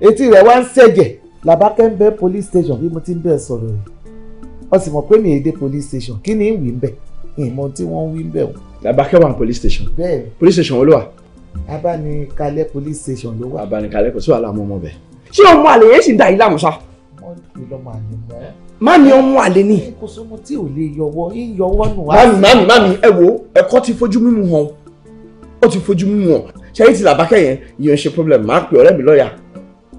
etí rẹ̀ wá ń ṣẹ̀jẹ̀ làbákẹ́ ń bẹ police station bí mo ti ń bẹ̀ sọ̀rọ̀ yìí wọ́n sì mọ̀ pé mi èdè police station kí ni ìwé ń bẹ̀ ìmọ̀ tí wọ́n wí ń bẹ̀ wọ́n. làbákẹ́ wà ní police station. bẹ́ẹ̀ police station wo ló wà. abánikalẹ̀ police station ló wà. abánikalẹ̀ kò sí wàhálà ọmọ ọmọ bẹ̀. ṣé ọmọ àlè yẹn sì da yìí láàmú sá. má ní ọmọ àlè ni. kò sọmọ tí ò lè yọwọ́ ń yọwọ́ nù. mami mami mami ẹ wo ẹ̀kọ́ ti fojú mímu hàn ó ti fojú mímu hàn ṣe é ti làbákẹ́ yẹn yẹn ṣe problem máa pè ọ̀rẹ́ mi lọ́ọ̀yà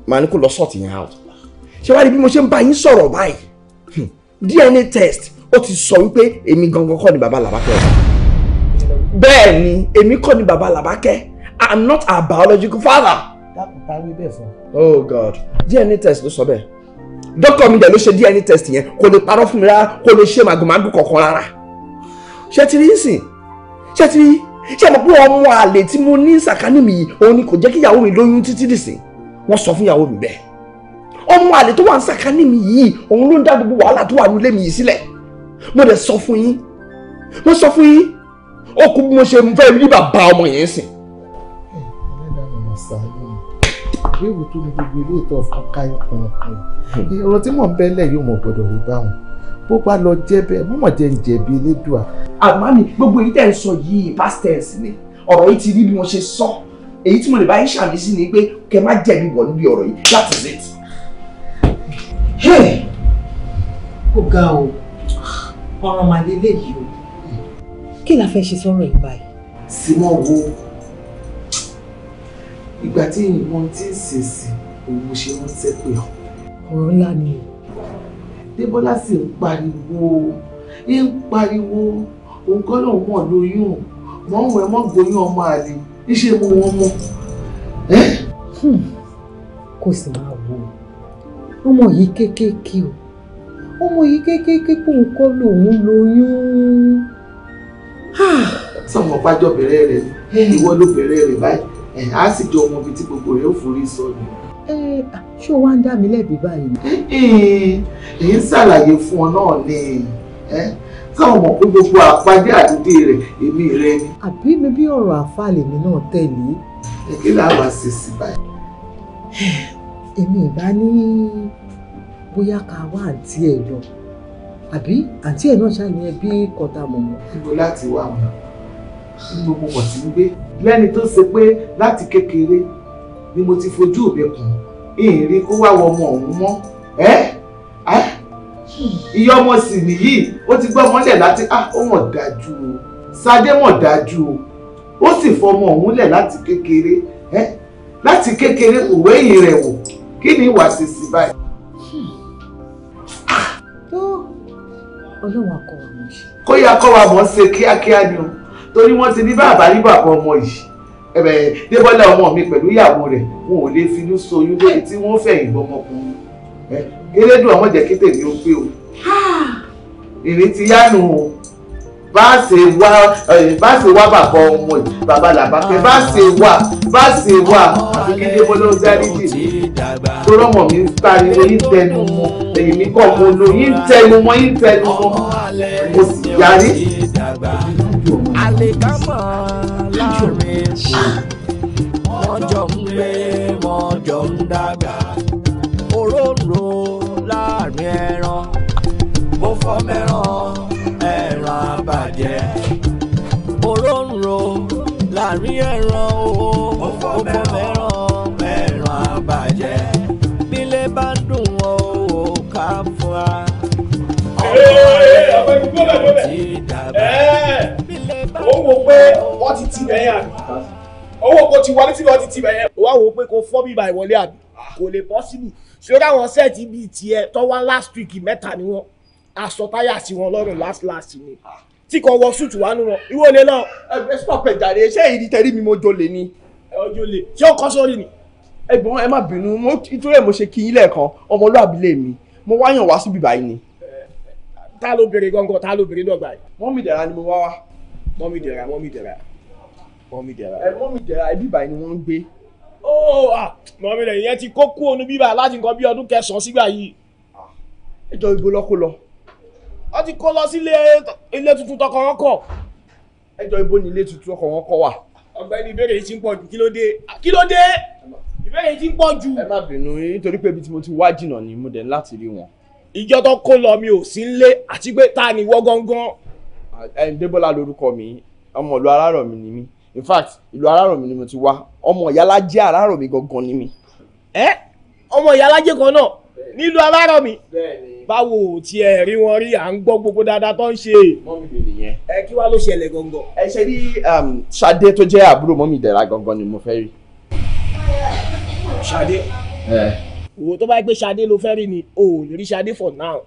màá ní kó lọ sort yẹn out ṣé wàá rí bí mo ṣe ń bá yín sọ̀rọ̀ báyìí hmm. DNA test ó ti sọ wípé èmi gangan kọ́ ni bàbá làbákẹ́ bẹ́ẹ̀ ni èmi kọ́ ni bàbá làbákẹ́ am not her biological father. oh god DNA test ló sọ bẹ́ẹ̀ dókítà mi dẹ̀ ló ṣe DNA test yẹn kò lè parọ́ fún mi rárá kò lè ṣe màgòmágò kankan rárá ṣé ti rí nsìn ṣé ti rí ṣé mo pé ọmọ àlè tí mo ní sàkání mi yìí òun ni kò jẹ́ kí mi lóyún títí dìsìn wọ́n sọ fún ìyàwó mi bẹ́ẹ̀ ọmọ àlè tó wà ń sàkání mi yìí òun ló ń dá gbogbo wàhálà tó wà nílé mi yìí sílẹ̀ mo dẹ̀ sọ fún yín mo sọ fún yín ó kú bí mo ṣe fẹ́ rí bàbá ọmọ yẹn sìn. ìwé tó ní gbogbo ilé ìtọ́ fún káyọ̀ kan ọ̀rọ̀ tí mò ń bẹ́lẹ̀ yóò mọ̀ gbọ́dọ̀ rí báwọn bó bá lọ jẹ́ bẹ́ẹ̀ mọ̀ mọ̀ jẹ́ ń jẹ̀bi elédùà. àmọ́ mi gbogbo èyí tẹ̀ ń sọ yìí past tense ni ọ̀rọ̀ yìí ti rí bí wọ́n ṣe sọ èyí tí mo lè bá yín ṣàmì sí ni pé kẹ má jẹ̀bi wọ̀ níbi ọ̀rọ̀ yìí that is it. ó ga o ọ̀ràn màlẹ́ léyìí o kí la fẹ́ ṣe sọ́rọ̀ yìí báyìí. símọ́ wo ìgbà tí ìwọ̀n tí ń ṣèṣì òun ṣe ń sẹ́pẹ̀ ọ́. ọ̀rọ̀ ńlá ni. débọ́lá sì ń pariwo ń pariwo òun kọ́ lòun mọ̀ lóyún mọ̀ ń wẹ̀ mọ́ gboyún ọmọ àlè níṣẹ́ mo wọn mọ. Hmm. kò sì máa wo ọmọ yìí kéékèèké o ọmọ yìí kéékèèké kò ń kọ́ lòun lóyún. Ah. sọmọ pàjọ bẹ̀rẹ̀ rẹ̀ eh. ìwọ ló bẹ̀rẹ̀ rẹ̀ báyìí eh, a sì jọ ọmọ ibi tí gbogbo rẹ̀ ó forí sọ ni. Eh, ṣé o wá ń dá mi lẹ́bi báyìí. èyí ṣàlàyé fún ọ náà ni káwọn mọ̀ pé gbogbo àfájẹ́ àdúgbò rẹ̀ èmi rẹ ni. àbí mi bí ọ̀rọ̀ àfa lèmi náà tẹ̀lé. ẹ kí láà wá sí sí báyìí. <sighs> èmi ìbá ní bóyá ká wá àǹtí ẹ̀ yọ àbí àǹtí ẹ̀ náà ṣàní ẹbí kọta mọ̀mọ́. níbo láti wá wọn ní gbogbo wọn mo ń gbé lẹ́ni tó ṣe pé láti kékeré ni mo ti fojú òbí kùn ìhìn rí kó wá wọ ọmọ ọ̀hún mọ́ ẹ́ ẹ́ ìyá ọmọ sì nìyí ó ti gbọ́ ọmọlẹ̀ láti á ah, ó mọ̀ dájú o Sadé mọ̀ dájú o ó sì fọmọ òun lẹ̀ láti kékeré ẹ́ láti kékeré òwe yìí rẹ̀ wò kí ni ìwà sì sí báyìí. Ah! ọlọ́wọ́ akọ̀wà mọ̀ ṣe. kó yá akọ̀wà mọ̀ ṣe kíákíá ni o torí wọ́n ti ní bàbá rí bàbá ọmọ yìí ẹ̀bẹ̀ débọ́lá ọmọ mi pẹ̀lú ìyàwó rẹ̀ wọn ò lè finú soyún lórí tí wọ́n fẹ̀yìn bọ́mọkùnrin elédùn àwọn jẹ́ kí tèmi ó gbé o ìrètí yánu o bá ṣe wá bá ṣe wá bàbá ọmọ yìí bàbá làbá fẹ́ bá ṣe wá bá ṣe wá àti kí débó ló dárí jì tó rọmọ mi ń sáré lóyún tẹnu mọ́ èyí mi kọ mo lóyún tẹnu mọ́ yín tẹnu mọ́ mo sì yarí. àlèkámọ̀ láàrin ṣì ah! wọ́n ń gbé wọ́n ń dàgbà. àrí ẹ̀ràn o ó fọ́ mẹ́ràn mẹ́ràn àbàjẹ́ bílé bá dùn ọ́ o ká fún wa. ó wò pé wọ́n ti ti bẹ̀yẹn àbí owó kò ti wọlé tí wọ́n ti ti bẹ̀yẹn. wá wò pé kò fọ́ bíbá ìwọlé àbí kò lè possible ṣé ó dáwọn sẹ́ẹ̀tì bíi tiẹ̀ tọ́wọ́ last week mẹ́ta ni wọ́n aṣọ táyà sí wọn lọ́rùn last last ni. Ah tí kò wọ súùtù wá nù wọn ìwọ lè lọ. ẹ stop ẹ jàre ṣé èyí tẹrí mi mo jolè ni. ẹ ọjọ́ lè ṣé ó kọ́ sórí ni. ẹ̀gbọ́n ẹ má bínú mo nítorí ẹ mo ṣe kí yín lẹ́ẹ̀kan ọmọlúàbí lè mi mo wáyàn wá síbi báyìí ni. ta ló bèrè gangan ta ló bèrè dọ̀gba yìí. mọ́mí dẹ̀ra ni mo wá wá. mọ́mí dẹ̀ra mọ́mí dẹ̀ra mọ́mí dẹ̀ra. ẹ mọ́mí dẹ̀ra ibi báyìí ni wọ́n ń gbé. ó oh, à ah, mọ́mí dẹ̀ra ìyẹn ti kó kú ònú bíbà láti nǹkan bí ọdún kẹsàn-án sígbà yìí. Ah, ẹ jọ ibo lọ́kọ́ lọ wọ́n ti kó lọ sí ilé tuntun tọkọ wọn kọ̀. ẹ jọ ibo ni ilé tuntun tọkọ wọn kọ wà. ọ̀gbẹ́ni ìbéèrè yìí ti ń pọ̀ jù kí ló dé. kí ló dé ìbéèrè yìí ti ń pọ̀ jù. ẹ má bínú nítorí pé ibi tí mo ti wá jìnnà ni mo dẹ̀ láti rí wọn. ìjọ tó kó lọ mi ò sí nlé àti pé ta ni wọ́ gángan. ẹ Débọ́lá lorúkọ mi ọmọ ìlú arárọ̀ mi ni mí in fact ìlú arárọ̀ mi ni mo ti wá ọmọ ìyálájẹ́ arárọ̀ mi gangan ni mí. ẹ ọmọ ìyálájẹ́ kan náà nílùú alárọ̀mí báwo ò tiẹ̀ rí wọn rí à ń gbọ́ gbogbo dáadáa tó ń ṣe. mọ́mí mi nìyẹn. ẹ kí wàá ló ṣẹlẹ̀ gangan. ẹ ṣe rí um, Ṣadé tó jẹ́ àbúrò mọ́mí ìdẹ̀ra gangan ni mo fẹ́ rí. Ṣadé. òwò tó bá yẹ pé ló fẹ́ rí ni o ò lè rí Ṣadé for now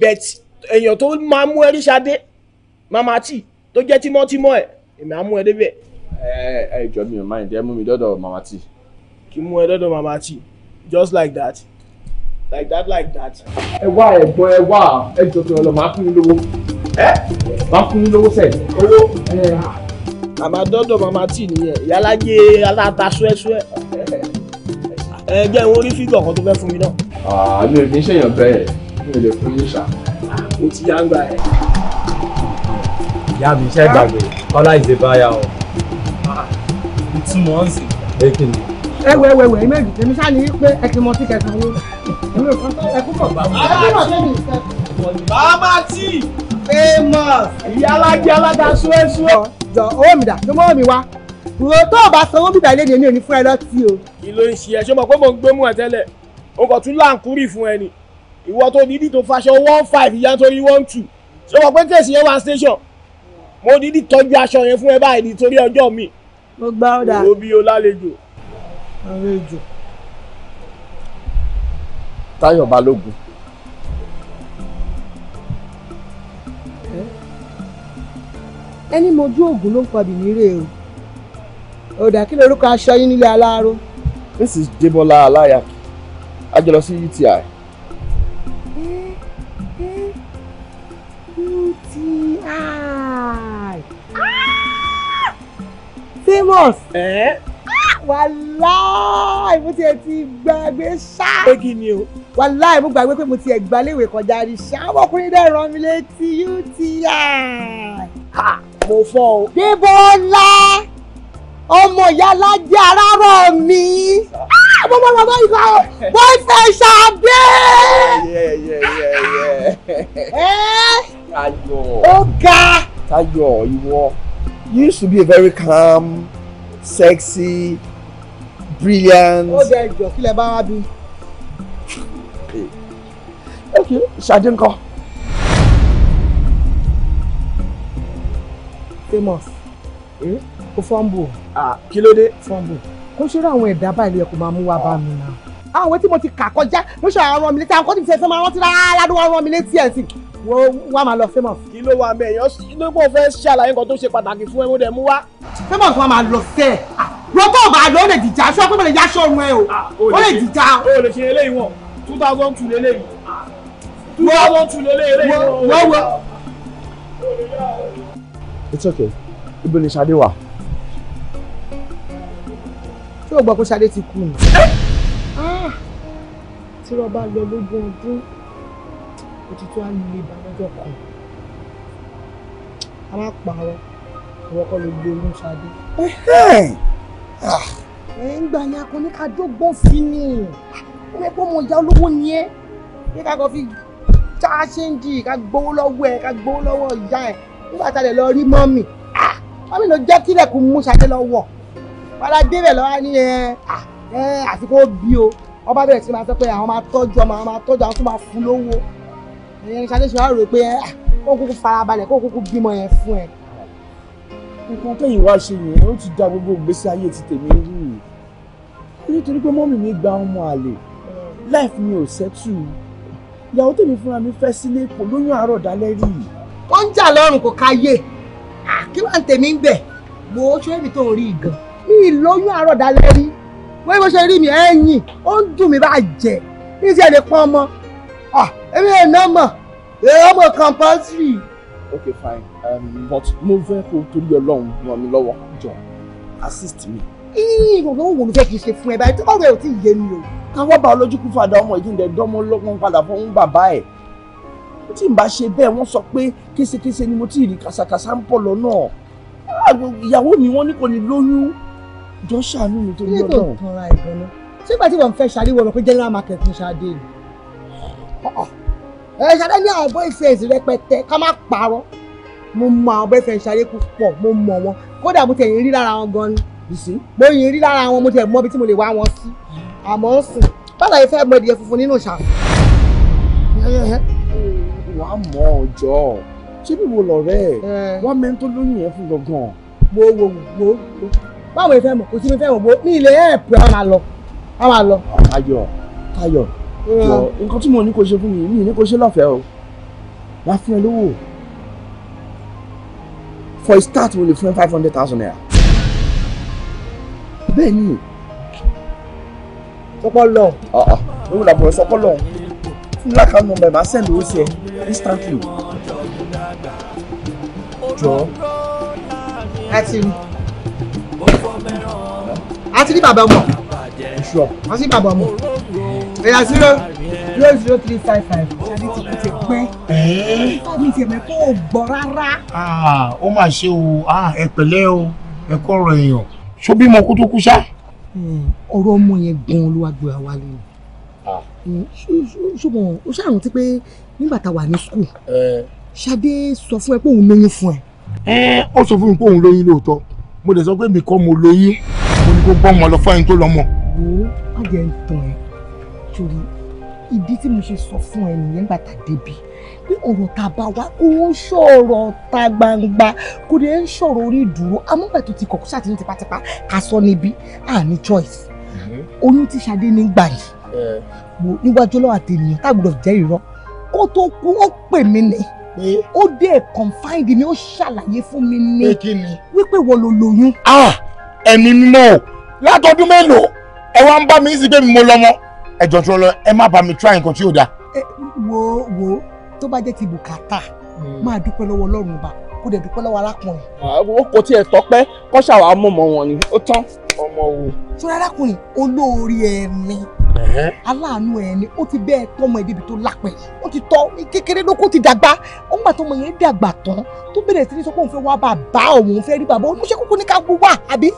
but èèyàn tó máa mú ẹ rí Ṣadé mama ti tó jẹ́ tímọ́tímọ́ ẹ̀ èmi á mú ẹ débẹ̀. ẹ ẹ ìjọ mi ò máa ń jẹ́ mú mi dọ́dọ̀ mama t. kí mú ẹ dọ́dọ̀ mama t just like that like that like that. ẹ wá ẹ̀gbọ́n ẹ wá ẹ jọ tó lọ máa fún yín lówó. ẹ máa fún yín lówó sẹ. owó màmá dọ́dọ̀ màmá tì nìyẹn ìyálájẹ aláta ṣúẹ́ṣúẹ́ ẹ jẹ́ ìwọ orí fígọ̀ kan tó fẹ́ fún mi náà. àmì ò kì í ṣèyàn bẹ́ẹ̀ mi ò lè fún yín ṣá. mo ti yá ń gbà ẹ. ìyá mi iṣẹ́ ìgbàgbé kọ́lá ìdè o. Ah, ìtumọ̀ ọ̀sìn. ẹ kìnnìkan ẹwẹ ẹwẹ ẹwẹ méjì èmi ṣáà ní pé ẹ ti mọ sí kẹsàn án wo ẹkú mọ ẹkú mọ débi ìṣẹ. bàbá tí famous ìyá alájẹ alága ṣúẹ́ṣúẹ́. jọ owó mi dà tó mọ́ mi wá wo tó o bá sanwó bíbá ilé ni èmi ò ní fún ẹ lọ́tì o. kí ló ń ṣe ẹ ṣé mo pé mò ń gbé mú ẹ tẹ́lẹ̀ o kò tún láǹkúrì fún ẹ ni ìwọ tó dídì tó faṣọ one five ìyá nítorí one two ṣé mo pé kéèsì yẹn one station mo dídì tọ́jú aṣọ yẹn fún ẹ báyìí nítorí ọjọ́ mi. mo gbá ọ̀dà. òbí o lálejò ààrẹ ìjò. Táyọ̀ Balógun. ẹni mojú oògùn ló ń pa bìnírè o ọ̀dà kí lorúkọ aṣọ yín nílé aláàárọ̀. Mrs. Débọ́lá Aláyàkí a jọ sí UTI. UTI ah! famous. Eh? wàláì mo tiẹ̀ ti gbàgbé ṣá. pé kí ni o. wàláì mo gbàgbé pé mo tiẹ̀ gbaléwé kọjá rí ṣá ọmọkùnrin dẹ̀ rán mi létí uti. mo fọ́ o. débọ́lá ọmọ ìyá alájẹ arárọ̀ mi. Ah, mo mọ̀ bàbá ìgbà o wọ́n fẹ́ ṣàdé. Táyọ̀. ó ga. Táyọ̀ ìwọ you used to be a very calm sexy brilliant. ó jẹ ìjọ kílẹ̀ bá wá bí. ok ṣadé ńkọ́. famous kò fọ́nbù. kí ló dé. fọ́nbù kò ṣeré àwọn ẹ̀dá báyìí lẹ́yìn kò máa mú wa bá mi náà. àwọn tí mo ti kà kọjá ló ṣe àwọn ọ̀rọ̀ mi létí àwọn kọ́tí mi ṣe fẹ́ máa rántí rárá ló wọ́n rán mi létí ẹ̀ sí wá máa lọ famous. kí ló wà mẹ́yàn nígbà wọn fẹ́ ṣàlàyé nǹkan tó ṣe pàtàkì fún ẹ mo dẹ̀ mú wá rọ́tọ̀ ọ̀bà àlọ́ lè dìjà aṣọ pé mo lè yáṣọ ọrùn ẹ o ah, ó lè dìjà. o lè ṣe eléyìí wọn two thousand two lélẹ́yìí two thousand two lélẹ́yìí wọ́n wọ́n. it's okay ibo ni Ṣadé wà. tí o gbọ́ pé Ṣadé ti kú ni. Ah, tí wọ́n bá lọ lógún ọdún òtítọ́ á lè bá lọ́jọ́ kan alápàárọ̀ ìwọ́kọ̀ ló gbé oyún Ṣadé. Ah. ẹ ń gbà yẹn akọni ká dọ́gbọ́n sí ni ó yẹ kó mọ ìyá olówó ni ẹ kí ká kọ fi já ṣéǹdì ká gbowó lọ́wọ́ ẹ ká gbowó lọ́wọ́ ìyá ẹ nígbà tá a lè lọ rí mọ́mì ah, mọ́mì ló jẹ́ kílẹ̀kùn mú ṣadé lọ́wọ́ padà débẹ̀ lọ́wọ́ ní ẹ ah, ẹ àfikún bí o ọba bẹ̀rẹ̀ sí máa sọ pé àwọn máa tọ́jú ọmọ àwọn máa tọ́jú àwọn tó máa fún lówó ẹ̀yẹn ṣadé ṣe wá rò pé ẹ kó kúkú farabalẹ̀ kó kúkú bímọ yẹn fún ẹ nǹkan tẹ́yìn wá ṣe yẹn ó ti da gbogbo ìgbésí ayé ti tèmi rú nítorí pé mọ́mì mi gba ọmọ àlè life mi ò ṣẹ́tù ìyàwó tèmi fúnra mi fẹ́ sílé kò lóyún àárọ̀ dálẹ́ rí i. ó ń jà lọ́rùn kò káyé kí wàá tèmi ń bẹ̀ mo ṣẹ́ẹ̀bì tó ń rí i gan mi ì lóyún àárọ̀ dálẹ́ rí wọ́n bó ṣe rí mi ẹ̀yìn ó ń dùn mí bá jẹ́ ní ti ẹ̀ lè pọ́n ọmọ èmi ẹ̀ náà mọ̀ ọmọ compulsory okay fine um, but mo fẹ́ kó torí ọlọ́run ràn mí lọ́wọ́ jọ assist me. ìrànlọ́wọ́ wo ló fẹ́ kí n ṣe fún ẹ báyìí tó bá rẹ̀ ò tí ì yé mi o. káwọ́ bá olójúkú fàdà ọmọ ìjìnlẹ̀ dánmọ́ lọ́gbọ́n padà fún bàbá ẹ̀ tí n bá ṣe bẹ́ẹ̀ wọ́n sọ pé késekése ni mo ti rí kàṣàkàṣà ń pọ̀ lọ́nà ah, ìyàwó mi wọ́n ní kò ní lóyún jọ ṣàánú mi tó ní ọ̀nà. ṣé ìgbà tí wọ́n fẹ́ ṣàdéwọ̀ rẹ̀ pé general market ń ṣàdé ni ẹ ṣadé ní àwọn boyfriends rẹpẹtẹ ká má parọ́ mo mọ àwọn boyfriends ṣadé púpọ̀ mo mọ wọn kódà mo tẹ̀yìn rí lára wọn gan ni mo yìn rí lára wọn mo tẹ̀ mọ́ ibi tí mo lè wá wọn sí àmọ́ ń sìn bàbá yìí fẹ́ mọ ìdíyẹ funfun nínú ṣàfù. wàá mọ ọjọ́ ṣé bí wo lọ̀rẹ́ ẹ̀ wọ́n mẹ́ni tó lóyún yẹn fún gangan. mo wo wo báwo ni fẹ́ mọ̀ kò sí mi fẹ́ mọ̀ mi ilé ẹ̀ pé a máa lọ a máa lọ. Táyọ̀ Táyọ̀ Eh, nǹkan tí mo ní kó ṣe fún mi mi ní kó ṣe lọ́fẹ̀ẹ́ o máa ẹ lówó for a start mo lè fún ẹ five hundred thousand naira bẹ́ẹ̀ ni sọpọlọ ah, ah. ló wùdà bọ̀ sọpọlọ fún lákà nọmba ẹ̀ máa send owó sí ẹ instantly jọ. a ti rí a ti rí bàbá ọmọ a ti bàbá ọmọ ẹ̀yà zero zero zero three five five ṣáde ti kú ti pẹ́ fábí ti ẹ̀mẹ́ kó o gbọ́ rárá. ó mà ṣe o ẹ pẹ̀lẹ́ o ẹ kọ́ ọ̀rọ̀ èèyàn ṣó bímọ kó tó kú ṣá. Hmm, ọ̀rọ̀ ọmọ yẹn gan olúwa gbé wa wálé ni hmm, ṣùgbọ́n ó ṣàrántí pé nígbà tá a wà ní skul ṣáde sọ fún ẹ pé òun lóyún fún ẹ. ẹ ó sọ fún mi pé òun lóyún lóòótọ́ mo dẹ̀ sọ pé mi kọ́ mo lóyún mo ní kó bọ́ ọmọ lọ fún ẹni tó lọ́mọ. wo má jẹ́ ń tàn ẹ́ nítorí ìdí tí mo ṣe sọ fún ẹ nìyẹn gbà tá débi pé ọ̀rọ̀ tá a bá wá kó ń ṣọ̀rọ̀ ta gbangba kó dé ń ṣọ̀rọ̀ orí ìdúró amúgbà tó ti kọ̀kọ́ ṣàtìní tipátipá ká sọ níbí àní choice mm-hmm. oyún tí Ṣadé ní gbà yìí eh. níwájú ọlọ́wà tènìyàn tá a gbọ́dọ̀ jẹ́ irọ́ kó tó kú ó pè mí ni ó dé confide mi ó ṣàlàyé fún mi ni wípé wọ́n lo lóyún. Ah! ẹni mímọ́ látọdún mélòó ẹ wá ń bá mi sí pé mi mo lọ́mọ ẹjọ tó lọ ẹ má bá mi try nǹkan tí ò dáa. wo wo tó bá jẹ́ ti bùkátà hmm. máa dúpẹ́ lọ́wọ́ ọlọ́run ọba kó dẹ̀ dúpẹ́ lọ́wọ́ arákùnrin. àwọn ah, kò tiẹ̀ tọ́pẹ́ kọ́ ṣàwọn amọ̀mọ̀ wọn ni ó tán ọmọ wo. sọ arákùnrin olóore ẹni aláàánú ẹni ó ti bẹ́ẹ̀ tọ́mọ ẹ̀dẹ́bi tó lápẹ̀ ó ti tọ́ kékeré ló kó ti dàgbà ó ń gbà tọ́mọ yẹn dàgbà tán tó bẹ̀rẹ̀ sí ní sọ pé òun fẹ́ wá bàbá òun fẹ́ rí bàbá òun ṣe kókó ní ká gbó wà àbí.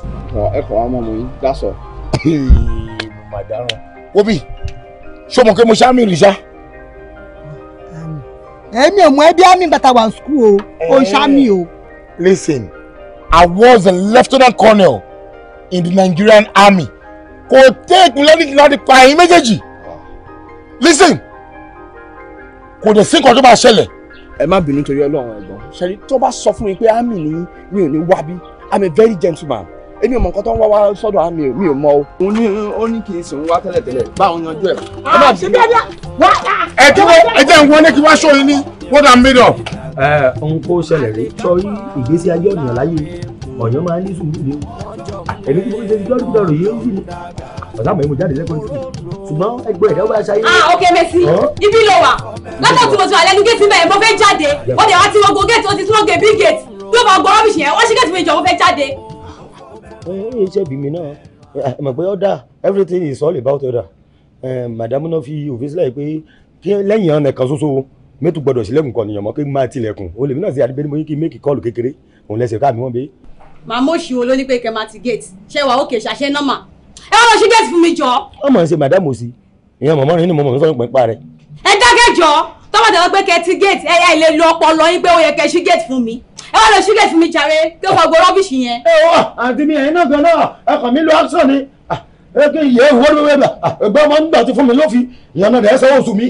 ẹ kọ́ ọmọ mi dá sọ. mo mà dáràn wo bí ṣé o mọ̀ pé mo ṣáà mi rì ṣá. èmi ò mọ ẹbí àmì bàtà wà skul o ò ṣáà mi o. listen I was a lieutenant colonel in the Nigerian army kò téèkù lẹ́ni láti pa ẹ̀yin méjèèjì listen kò dẹ̀ sí nǹkan tó bá ṣẹlẹ̀. ẹ má bínú torí Ọlọ́run ẹ̀gbọ́n ṣẹlẹ tó bá sọ fún mi pé àmì ni mi ò ní wá bí I'm a very gentleman èmi ò mọ nǹkan tó ń wá wá sọ́dọ̀ àmì mi ò mọ o. òun ní ó ní kí n sì wá tẹ́lẹ̀tẹ́lẹ̀ báwọn yanjú ẹ̀. Ah, ẹ dúró ẹ jẹ́ nǹkan ní kí wá ṣòyìn ní what am ẹ ohun tó ṣẹlẹ̀ rí sọrí ìgbésí ayé ọ̀nà láyé ọ̀yàn máa ń ní sùúrù ni ẹ̀mí tí mo ṣe jọ́ dúdọ̀ rò yóò rí ni ọ̀dà àmọ́ ìmọ̀jáde lẹ́kọ̀ọ́ ṣùgbọ́n ẹgbẹ́ ẹ̀dá wá ṣayé. ah ok Mercy ibi ló wà lọ́tọ̀ tí mo ti wà lẹ́nu géètì bẹ́ẹ̀ mo fẹ́ jáde ó dẹ̀ wá tí wọ́n go géètì ó ti tí wọ́n gé big gate tó bá gbọ́ rọ́bìṣì yẹn wọ́n ṣí géètì mi jọ mo fẹ́ jáde ẹ ṣẹ́bi mi náà mọ̀ pé ọ̀dà everything is all about ọ̀dà madam náà fi òfin sílẹ̀ pé kí lẹ́yìn ọ̀nà kan ṣoṣo mẹ́tò gbọ́dọ̀ sílẹ̀kùn kan nìyànmọ́ kí n máa tilẹ̀kùn olè mi náà sì adébẹ́ni mo yí kí n méèkì kọ́ọ̀lù kékeré òun lẹ́sẹ̀ káàmì wọ́n bẹ́ẹ́ màmá òṣì wo ló ní pé kẹ máa ti gate ṣé wàá òkè ṣàṣẹ nọ́mà ẹ wá lọ sí gate fún mi jọ. ọmọ ṣe madam òsì ìyẹn mọ̀mọ́ rẹ nínú mọ̀mọ́ mi fọ́n pín pa rẹ. ẹ dákẹ́ jọ tọ́wọ́ tẹ́wọ́ pé kẹ ti gate ẹ yá ilé lu ọpọlọ yín pé ó yẹ kẹ ṣí gate fún mi ẹ wá lọ sílẹ̀ fún mi jàre kí o fọ gbọ́ rọ́bìṣì yẹn. ẹ wọ àǹtí mi ẹ̀yin náà gan náà ẹkàn mi lo action ni ẹkẹ ìyẹ ìwọ́n mi wẹ́ẹ̀bà ẹgbẹ́ ọmọ nígbà tó fún mi lófin ìyẹn náà dẹ̀ sọ́wọ́ oṣù mi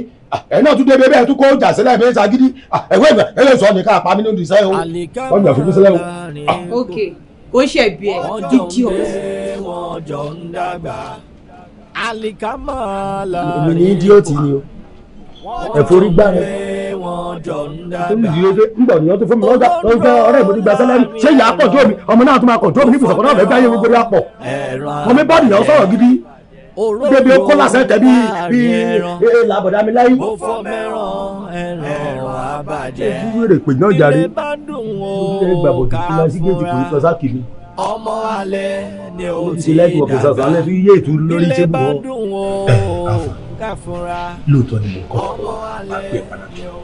ẹ̀yin náà tún dé bẹ́ẹ̀ tún kó jà sílẹ̀ bẹ́ẹ̀ ṣàgídí ẹ̀wọ́ ẹ̀gbẹ́ ẹ lè sọ ní ká pa mí lóde sẹ́yìn o wọ́n gbà fún mi sílẹ̀ o. ok ó ṣe wọ́n jọ ń dàgbà. èmi ìdílé dé ńgbà ònìyàn tó fún mi lọ́jà lọ́jà ọ̀rẹ́ mi nígbà sẹ́lẹ̀ ṣé ìyá pọ̀ tó mi ọmọ náà tó máa kọ̀ tó mi nífùsọ̀kọ̀ náà lẹ́gbẹ́ ayé gbogbo yà pọ̀. ọmọ bá nìyàn sọ̀rọ̀ gidi bébí ó kọ́ lásán tẹ̀ bí bí e, e, làbọ̀dá mi láyé. mo fọ mẹ́ràn ẹ̀rọ abàjẹ́ ilé bá dùn ó kà fún ọmọ alẹ́ ni ó ti yá ilé bá dùn ó ká fúnra lóòótọ́ ni mo kọ́ ọ̀pọ̀ padà jù.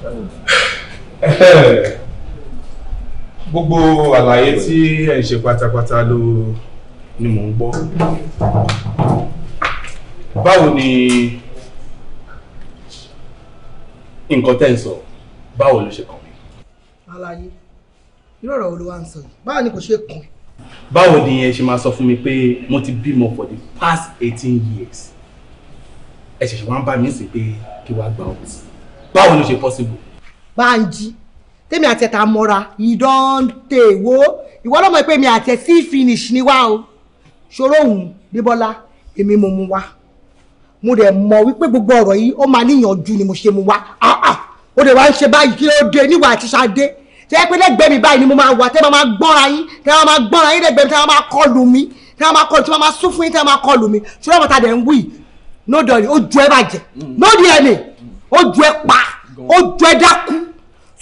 <laughs> gbogbo àlàyé tí ẹ ń ṣe pátápátá ló ni mò ń gbọ́ báwo ni nǹkan tẹ́ ń sọ báwo ló ṣe kàn mí. àlàyé irú ọ̀rọ̀ wo ló wá ń sọ yìí báwo ni kò ṣe kàn. báwo ni ẹ ṣe máa sọ fún mi pé mo ti bímọ for the past eighteen years ẹ ṣẹ̀ṣẹ̀ wá ń bá mi sìn pé kí wàá gba ọkùnrin báwo ló ṣe possible. Bánjí tèmi àti ẹ̀ta mọ́ra you don tey wo ìwọ lọ́mọ pé mi àti ẹ̀ sí finish ni wá o ṣòro òun bíbọ́lá èmi mo mu wá mo dẹ̀ mọ̀ wípé gbogbo ọ̀rọ̀ yìí ó máa níyànjú ni mo ṣe mu wá ó ah, ah, dẹ̀ wá ń ṣe báyìí kí ló dé níwà àti ṣáde tẹ́ ẹ pé lẹ́gbẹ̀ẹ́ mi báyìí ni mo máa wà tẹ́ ẹ máa gbọ́ra yín tẹ́ ẹ máa gbọ́ra yín lẹ́gbẹ̀ẹ́ mi tẹ́ ẹ máa kọlù mi tẹ́ ẹ máa kọlù tẹ́ ẹ máa sún fún yín tẹ́ ẹ máa kọlù mi ṣùgbọ́n àwọn ọ̀tá dẹ̀ ń wí nódọ̀ọ̀lì ó ju ẹ bàjẹ́ nódìí ẹ̀ nì ó ju ẹ pa ó ju ẹ dákú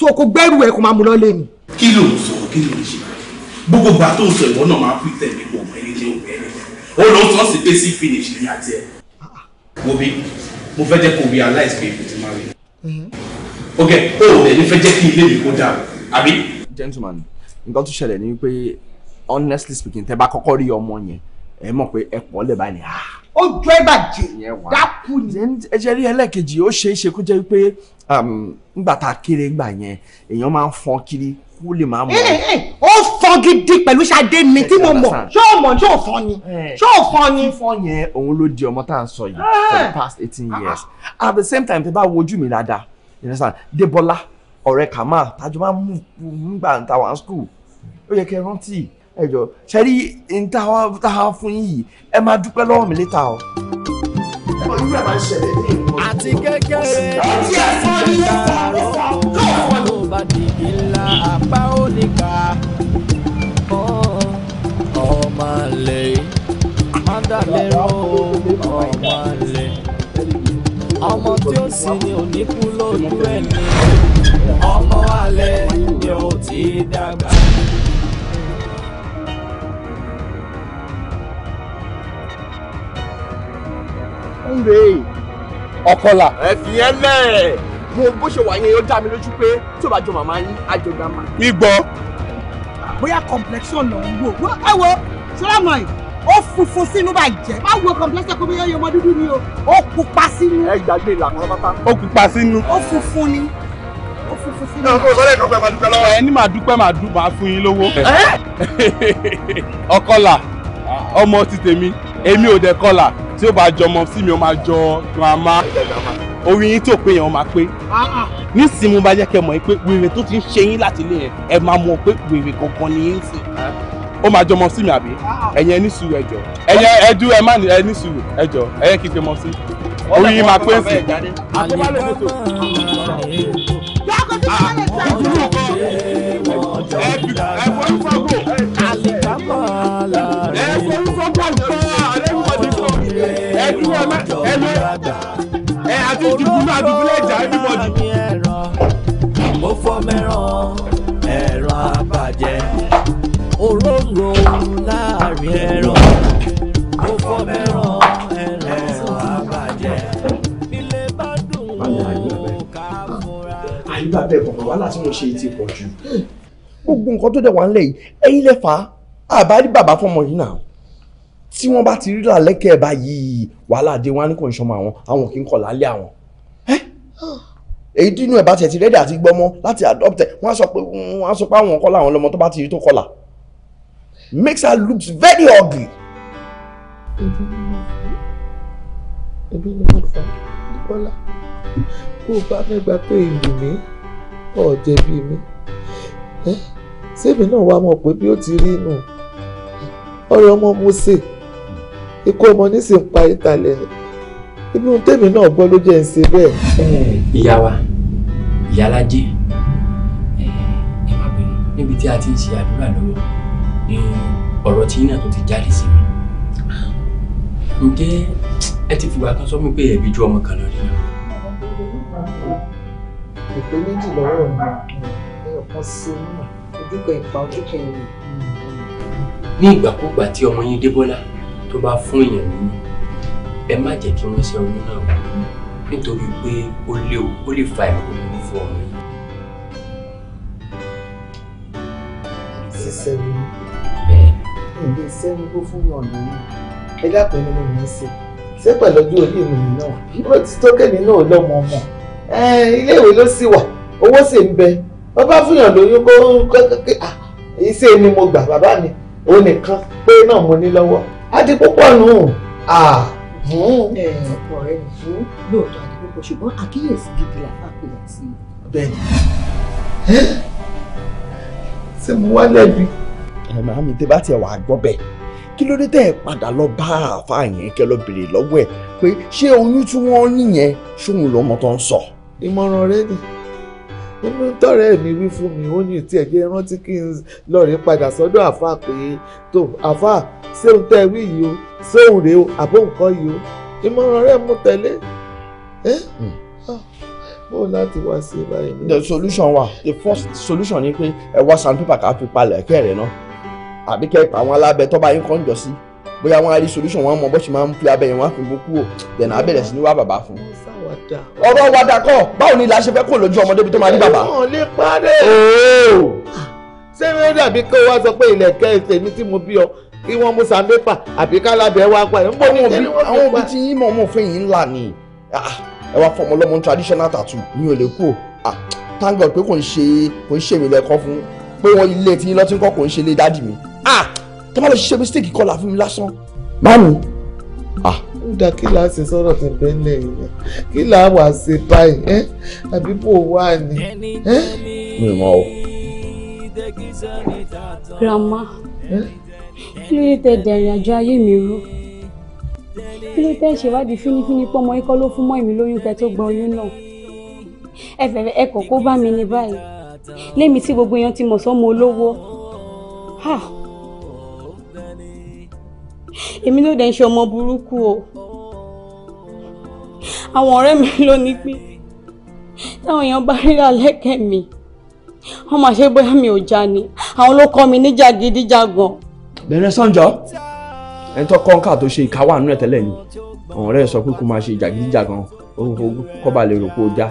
so kò gbẹ́rù ẹ kò máa mú lọ lé mi. kí ló ń sọ kí ló ń ṣe gbogbo gbà tó ń sọ ìwọ náà máa ń pìtẹ́ mi kò mẹ́rin ní òun ẹni ó lọ sọ sí pé sí finish ní àti ẹ wo bí mo fẹ́ jẹ́ kó realize pé ibi ti máa rí mhm. ok ó lè ní fẹ́ jẹ́ kí ilé mi kó dà àbí. gentleman nǹkan tó ṣẹlẹ̀ ni pé honestly speaking tẹ́ bá kọ́kọ́ rí ọmọ yẹn ẹ mọ̀ pé ẹ pọ̀ lè báyìí ah ó jọ ẹ bàjẹ́ dákú ni. ẹ ṣe rí ẹlẹ́ẹ̀kejì ó ṣe é ṣe kó jẹ́ pé um, nígbà tá a kéré gbà yẹn èèyàn máa ń fọn kiri kó lè máa mọ. ó fọn gidi pẹ̀lú Ṣadé mi tí mo mọ̀ ṣé o mọ̀ ṣé o fọn ni ṣé o fọn ni. fífọn yẹn òun ló di ọmọ tá à ń sọ yìí for the past eighteen ah, years ah. at the same time tẹ bá wojú mi dáadáa you understand Débọ́lá ọ̀rẹ́ Kamal tajọba mú gbà ń ta wà ń school ó yẹ kẹ́ rántí ẹ jọ ṣe rí n tá a fún yìí ẹ máa dúpẹ́ lọ́wọ́ mi létà o. àti kékeré ní ẹ̀fọ́ lọ́wọ́ bá dìgbì ńlá àpá ó lè kà ọmọ àlè mádàlẹ́ ọmọ àlè ọmọ tí ó sì ní òní lójú ẹ̀ ní ọmọ àlè ni ó ti dàgbà. ń rèé ọ̀kọ̀là. ẹ̀fìyẹn lẹ̀ mo bó ṣe wà yẹn ó dá mi lójú pé tí ò bá jọ màmá yín á jọ grandma. igbọ. bóyá complexion lọ ń wò ẹ wo sọlámọ yìí ó funfun sínú bàjẹ́ má wo complexion kó bóyá ọmọ dúdú ni o ó pupa sínú. ẹ gbàgbé ìlànà pátá. ó pupa sínú. ó funfun ni ó funfun sínú. náà kó sọ́dọ̀ ìdúpẹ́ máa dúpẹ́ lọ́wọ́. ẹ ní màá dúpẹ́ màá dùn màá fún yín lówó. ọ̀kọ̀là ọmọ ti tèmi èmi ò dẹ̀ kọ̀là tí ó bá jọ ọmọ sí mi ó máa jọ grandma orí yín tí ò pé yẹn ó máa pé nísìnyí mo bá jẹ́ kẹ́ mọ̀ yín pé wèrè tó ti ń ṣe yín láti ilé yẹn ẹ máa mọ̀ pé wèrè gangan ni yín sìn ó máa jọmọ sí mi àbí ẹ̀yin ẹ ní sùúrù ẹ jọ̀ọ́ ẹ̀yin ẹdú ẹ má ẹ ní sùúrù ẹ jọ̀ọ́ ẹyẹ kí n fi mọ sí orí yín máa pé sí. ìlú ọmọ ẹnu ẹ àti ìdìbò náà dùbúlẹ̀ ìjà everybody. mo fọ mẹ́ràn ẹ̀rọ abàjẹ́ òróǹro láàrin ẹ̀rọ mo fọ mẹ́ràn ẹ̀rọ abàjẹ́ ilé bá dùn ó ká múra. àyíká bẹ́ẹ̀ bọ̀ wàhálà tí mo ṣe ti pọ̀ jù. gbogbo nǹkan tó dẹ̀ wá ń lẹ̀ yìí ẹ̀yin lẹ́fà àbá rí bàbá fọmọ yìí náà tí wọ́n bá ti rí làlẹ́kẹ̀ báyìí wàhálà dé wọn á ní kò ń sọmọ àwọn àwọn kì í kọ̀ lálẹ́ àwọn èyí tí ẹ̀ bá tiẹ̀ ti rẹ́dí àti gbọ́mọ láti adopt ẹ̀ wọ́n á sọ pé wọ́n á sọ pé àwọn kọ́ làwọn lọ́mọ tó bá ti rí tó kọ́là makes her look very ugly. ebi ni mo fẹ́ ebi ni mo fẹ́ bọ́lá kó o bá mẹ́gbà pé ìlú mi ọ̀ jẹ̀bi mi ṣé èmi náà wàá mọ̀ pé bí ó ti rí inú ọ̀rẹ́ ọmọ mo ṣe ikú ọmọ nísìnyí pa ìtàlẹ̀ ni ibi ohun tèmi náà gbọ́ ló jẹ́ ń ṣe bẹ́ẹ̀. ìyá wa ìyálájẹ ẹ má bínú níbi tí a ti ń ṣe àdúrà lọ́wọ́ ni ọ̀rọ̀ tí iná tó ti jáde sí mi ǹjẹ́ ẹ ti fìgbà kan sọ mí pé ẹ̀bí ju ọmọ kan lọ rí náà. ìpè méjì lọ́wọ́ mi ẹyọ kan sí ojú kan ìpa ojú kan ìwé. ní ìgbàkúgbà tí ọmọ yín débọ́lá tó bá fún èèyàn nínú ẹ má jẹ́ kí wọ́n ṣe oyún náà wá nítorí pé ó léwu ó lè fa ìlú burúkú fún ọmọ yìí. ṣiṣẹ́ mi ìgbé iṣẹ́ mi kó fún wọn nínú ẹ dápẹ́ nínú mi ṣe ṣé pẹ̀lú ojú orí mi náà ó ti tó kẹ́mi náà lọ́mọ ọmọ ilé ìwé ló sì wà owó sì ń bẹ bàbá fúnyàn lóyún kó iṣẹ́ ni mo gbà bàbá mi òun nìkan pé náà mo ní lọ́wọ́ àti púpọ̀ nù ọ̀rẹ́ mi lóòótọ́ àti púpọ̀ ṣùgbọ́n àkíyèsí gidi làfà pè wá sí i. bẹ́ẹ̀ni ṣé mo wá lẹ́bi. ẹ màá mi dé bá tiẹ̀ wàá gbọ́ bẹ́ẹ̀ kí ló dé tẹ́ ẹ padà lọ bá àáfà yẹn kẹ́ lọ béèrè lọ́wọ́ ẹ̀ pé ṣé oyún tí wọ́n ní yẹn ṣóun lọ́mọ tó ń sọ. ìmọ̀ràn rẹ ni tọrẹ mi wí fún mi ó ní tiẹ̀ jẹ́ rántí kí n lọ rí padà sọ́dọ̀ àfa pé tó àfa ṣéun tẹ́ wí yìí o ṣéun rèé o àbó nǹkan yìí o ìmọ̀ràn rẹ̀ mú tẹ̀lé hmm. ah, bó láti wá sí báyìí. the solution wa the first solution ni pé ẹ wá sandpaper ká fi palẹ̀ ẹ̀kẹ́ náà àbí kẹ́ pa àwọn alábẹ tó yín kọ́ ń jọ sí bóyá wọn á rí solution wọn mọ bó ṣe máa ń fi abẹ yẹn wọn á fi bó kúrò then á bẹ̀rẹ̀ sí ní wá bàbá fún. ọ̀rọ̀ wàdà kọ́ báwo ni ìlà ṣe fẹ́ kó lójú ọmọ débi tó máa rí bàbá. ẹ̀wọ̀n lè parẹ́. ṣé wọ́n dàbí kó wá sọ pé ìlẹ̀kẹ́ ìfẹ́ mi tí mo bí ọ kí wọ́n mú sandépà àbí kálábẹ̀ wá pa ẹ̀ ń bọ́ ní òbí. àwọn òbí tí yín mọ̀ mọ̀ fún yín ńlá ni ah, ẹ wá fọmọ lọ́mọ traditional tattoo mi ò lè kú o ah, thank God pé kò ń ṣe kò ń ṣe mi lẹ́kọ́ fún pé wọn ilé tí yín lọ́tí ń kọ́ kò ń ṣe lé dádì mi. ah tó bá lọ ṣiṣẹ́ mistake kọ́ làá fún mi lásán. Máàmù. Ah. Ó dáa kí làá ṣe sọ̀rọ̀ tí bẹ́lẹ̀ yìí kí làá wà ṣe báyìí ẹ́ àbí bò wá ni. Mi mọ̀ o. Grandma, kí ló tẹ dẹ̀rìn àjọ ayé mi rú? Kí ló tẹ ṣèwádìí fínífíní pọ́mọ ikọ́ ló fún mọ́ èmi lóyún kẹ́ tó gba oyún náà? Ẹ fẹ̀rẹ̀ ẹ kọ̀ kó bá mi ní báyìí. Lémi tí gbogbo èèyàn ti mọ̀ sọ́mọ olówó èmi ló dẹ̀ ń ṣe ọmọ burúkú o àwọn ọ̀rẹ́ mi ló ní pé táwọn èèyàn bá ríra lẹ́kẹ̀ mi wọ́n máa ṣe bóyá mi ò já ni àwọn ló kọ́ mi níjà gidi jagan. bẹ̀rẹ̀ sànjọ́ ẹni tó kọ́ńkà tó ṣe ìkáwá nínú ẹ̀ tẹ́lẹ̀ ni àwọn ọ̀rẹ́ sọ pé kó máa ṣe jàgídíjàgan ba lè rò pé ó já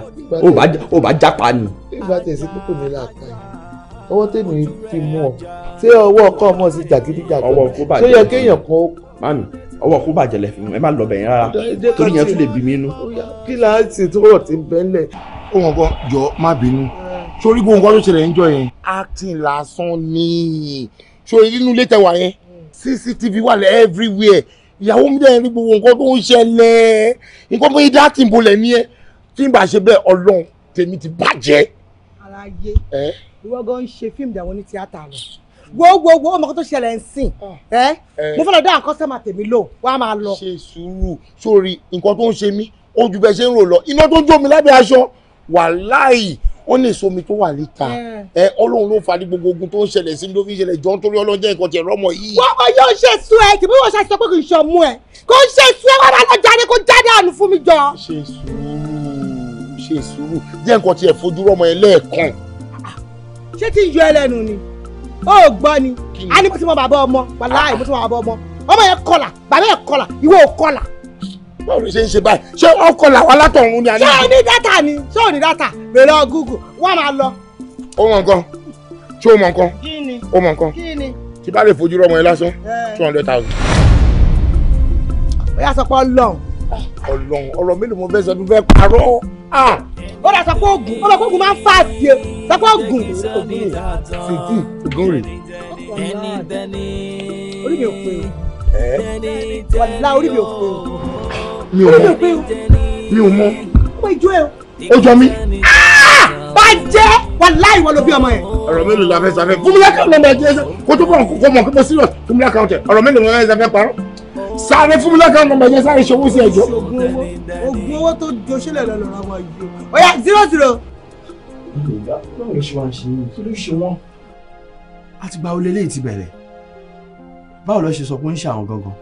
ó bá jápa ni. bí ìgbà tẹ̀sí pé kò ní làákàyè ọwọ́ tèmi fi mú ọ ṣé ọwọ́ ọkọ ọmọ sí jàgídíjàgàn ṣé yẹ kéèyàn kan ó. mami ọwọ́ kó bàjẹ́ lẹ fi mú ẹ má lọ bẹ̀ yín rárá torí yẹn tún lè bí mi inú. kí la ṣe tó rọ̀ tí ń bẹ́lẹ̀. ó wọn kan jọ má bínú eh. sórí gbogbo nǹkan tó ṣẹlẹ̀ ń jọ yẹn. acting lásán ni sórí nínú ilé tẹwà yẹn cctv wà lẹ everywhere ìyàwó mi dẹ́yìn ní gbogbo nǹkan tó ń ṣẹlẹ̀ nǹkan tó ń dá tì ń bolẹ̀ ní ẹ tí n bá ṣe bẹ́ẹ̀ ọlọ́run tèmi ti bàjẹ́. àlàyé eh? ìwọ gan ń ṣe fíìmù ìdàwọ́ ní tíátà rẹ̀ wo wo wo ọmọ kan tó ṣẹlẹ̀ ń sìn ah. ẹ eh. mo fẹ́ lọ dá nǹkan sẹ́mà tèmi lò wọ́n á máa lọ. ṣe sùúrù sórí nǹkan tó ń ṣe mí ó ju bẹ́ẹ̀ ṣe ń rò lọ iná tó ń jó mi lábẹ́ aṣọ wàláì ó ní ìsomi tó wà níta eh. ẹ ọlọ́run ló fa ní gbogbo ogun tó ń ṣẹlẹ̀ sí ló fi ṣẹlẹ̀ jọ nítorí ọlọ́jọ́ nǹkan tiẹ̀ rọ́mọ yìí. wọ́n kò yóò ṣe sùn ẹ tìbí wọ́n ṣàṣọ pé kì í ṣe ọmú ẹ kò ṣe sùn ẹ wọ́n bá lọ jáde kó jáde àánú fún mi jọ. ṣe sùúrù ṣe sùúrù jẹ́ nǹkan tiẹ̀ fojú rọ́mọ ẹ lẹ́ẹ̀kan. ṣé tí ń yọ ẹlẹ́nu ni ó gbọ́ ni a ní mo ti mọ bàbá ọmọ wàláì mo ti mọ bàbá ọmọ ọmọ yẹn kọlà bàbá yẹn kọlà ìwọ ò kọlà. báwo ló ṣe ń ṣe báyìí ṣé ọkọ làwọn alátọ̀run ni a ní. ṣé o ní dátà ni ṣé o dátà bèrè ọ Google wọ́n máa lọ. ó mọ nǹkan ṣé o mọ nǹkan ó mọ nǹkan tí bá lè fojú rọmọ yẹn lásán two hundred thousand. ó yà sọ pé Ọlọ́run. Ah, Ọlọ́run ọ̀rọ̀ mélòó mo fẹ́ sọ fífẹ́ parọ́ ah! ó dà sọpọ ògùn ó bẹ kókùn máa ń fà sí e sọpọ ògùn ògùn rè sèdí ògùn rè. orí mi ò pé o wàlá orí mi ò pé o mi ò mọ mi ò mọ ọmọ ìjọ ẹ o jọ mi. Ah! bàjẹ́ wàlá ìwọ ló bí ọmọ yẹn. ọ̀rọ̀ mélòó la fẹ́ safẹ́ fúnmi lákàtúntì kó tó bọ̀ kó mọ̀ kó mọ̀ serious fúnmi lákàtúntì ọ̀rọ̀ mélòó la fẹ́ safẹ́ parọ́ sáré fún mi lọ́kàn nọ́mbà yẹn sáré ṣòwò sí ẹ̀jọ́. oògùn owó tó jọ sílẹ̀ lọ lọ́ra wa yìí o. zero zero. ìgbà báwo ló ṣe wá ṣe yìí kí ló ṣe wọ́n. a ti gba olè léyìí ti bẹ̀rẹ̀ báwo ló ṣe sọ pé ń ṣe àwọn gangan.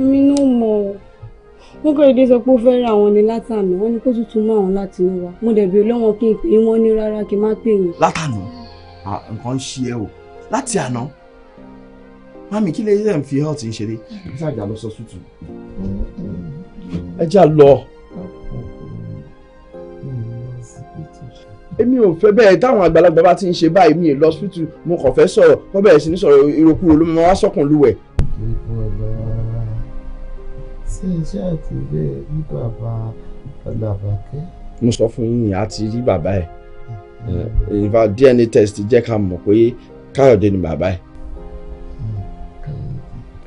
èmi náà mọ o wọn kọ́ èdè sọ pé ó fẹ́ ra àwọn ni látànà wọn ni kó tuntun mọ́ àwọn láti inú mo dẹ̀ bí kí n pè é ní rárá kí n má pè é. látànà nǹkan ń ṣe ẹ o láti àná mami kí lè yẹn fi health ń ṣeré ibi tí àjà lọ sọ sútù. Mm-hmm. ẹ já lọ. èmi ò fẹ́ bẹ́ẹ̀ táwọn àgbàlagbà bá ti ń ṣe báyìí mi ì lọ sútù mo kàn fẹ́ sọ̀rọ̀ wọ́n bẹ̀rẹ̀ sí ní sọ̀rọ̀ ìròkú ló máa wá sọ̀kùn lúwẹ̀. ṣé iṣẹ́ àti ilé rí bàbá Làbákẹ́. mo sọ fún yín àti rí bàbá ẹ̀ ìfà DNA test jẹ́ ká mọ̀ pé Káyọ̀dé ni bàbá ẹ̀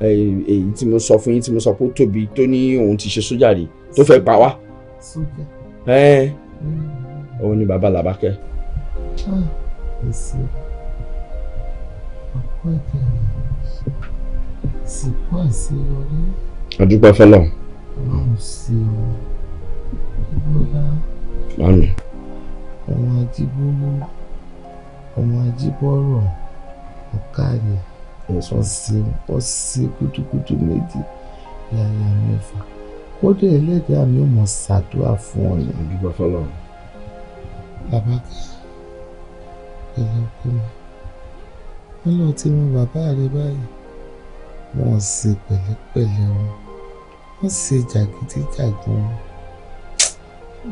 èyí tí mo sọ fún yín tí mo sọ pé ó tóbi tó ní òun ti ṣe sójà rí tó fẹ́ pa wá. sójà. Hmm. òun ni bàbá làbákẹ́. èsì ah, ọkọ ìkẹyìn sìnkú àṣeyọrí. adúpẹ́ fọlọ́. ọlọ́run sí ọ ìgbọ́lá. mami. ọmọ ajíbọ́rọ̀ ọmọ ajíbọ́rọ̀ ọ̀kàrẹ̀ ẹ̀sán sí wọ́n sí kútúkútú méjì yáyà mẹ́fà kódà ẹlẹ́dàá mi ò mọ̀ ṣàdúrà fún ọ yẹn. àdúgbò fọlọ́run. bàbá ká ẹ̀yìn ọkọ mi wọ́n lọ ti rán bàbá rẹ báyìí wọ́n ṣe pẹ̀lẹ́pẹ̀lẹ́ wọn wọ́n ṣe jàgídíjàgan wọn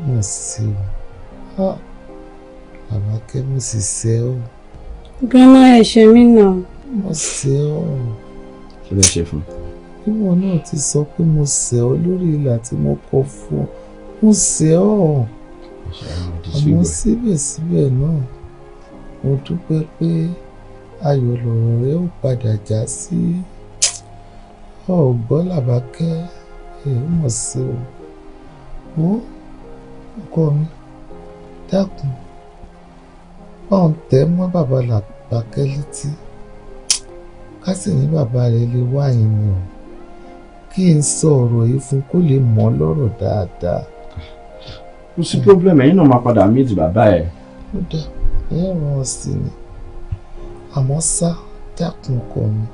wọ́n ṣe wọn ah! bàbá kẹ́mi sì ṣe ọ́. gánà ẹ̀ṣẹ̀ mi náà mo ṣẹ̀ ọ́. kí ló ṣe fún. ìwọ náà ti sọ pé mo ṣẹ̀ ọ́ lórí ìlà tí mo kọ fún ọ mo ṣẹ̀ ọ́. àmọ́ síbẹ̀síbẹ̀ náà mo dúpẹ́ pé ayọ̀ lọ̀rọ̀ rẹ ó padà já sí ọ̀gbọ́n làbákẹ́ èyí mọ̀ sí o. wo ọkọ mi dákun báwọn tẹ mọ́ bàbá làbákẹ́ létí ká sì ní bàbá rẹ̀ lè wá yín ni o kí n sọ ọ̀rọ̀ yìí fún kó lè mọ̀ lọ́rọ̀ dáadáa. kò sí problem ẹ̀yin náà máa padà meet bàbá ẹ̀. ó dà ẹ̀yìn ràn án sí ni àmọ́ ṣá dákun ọkọ mi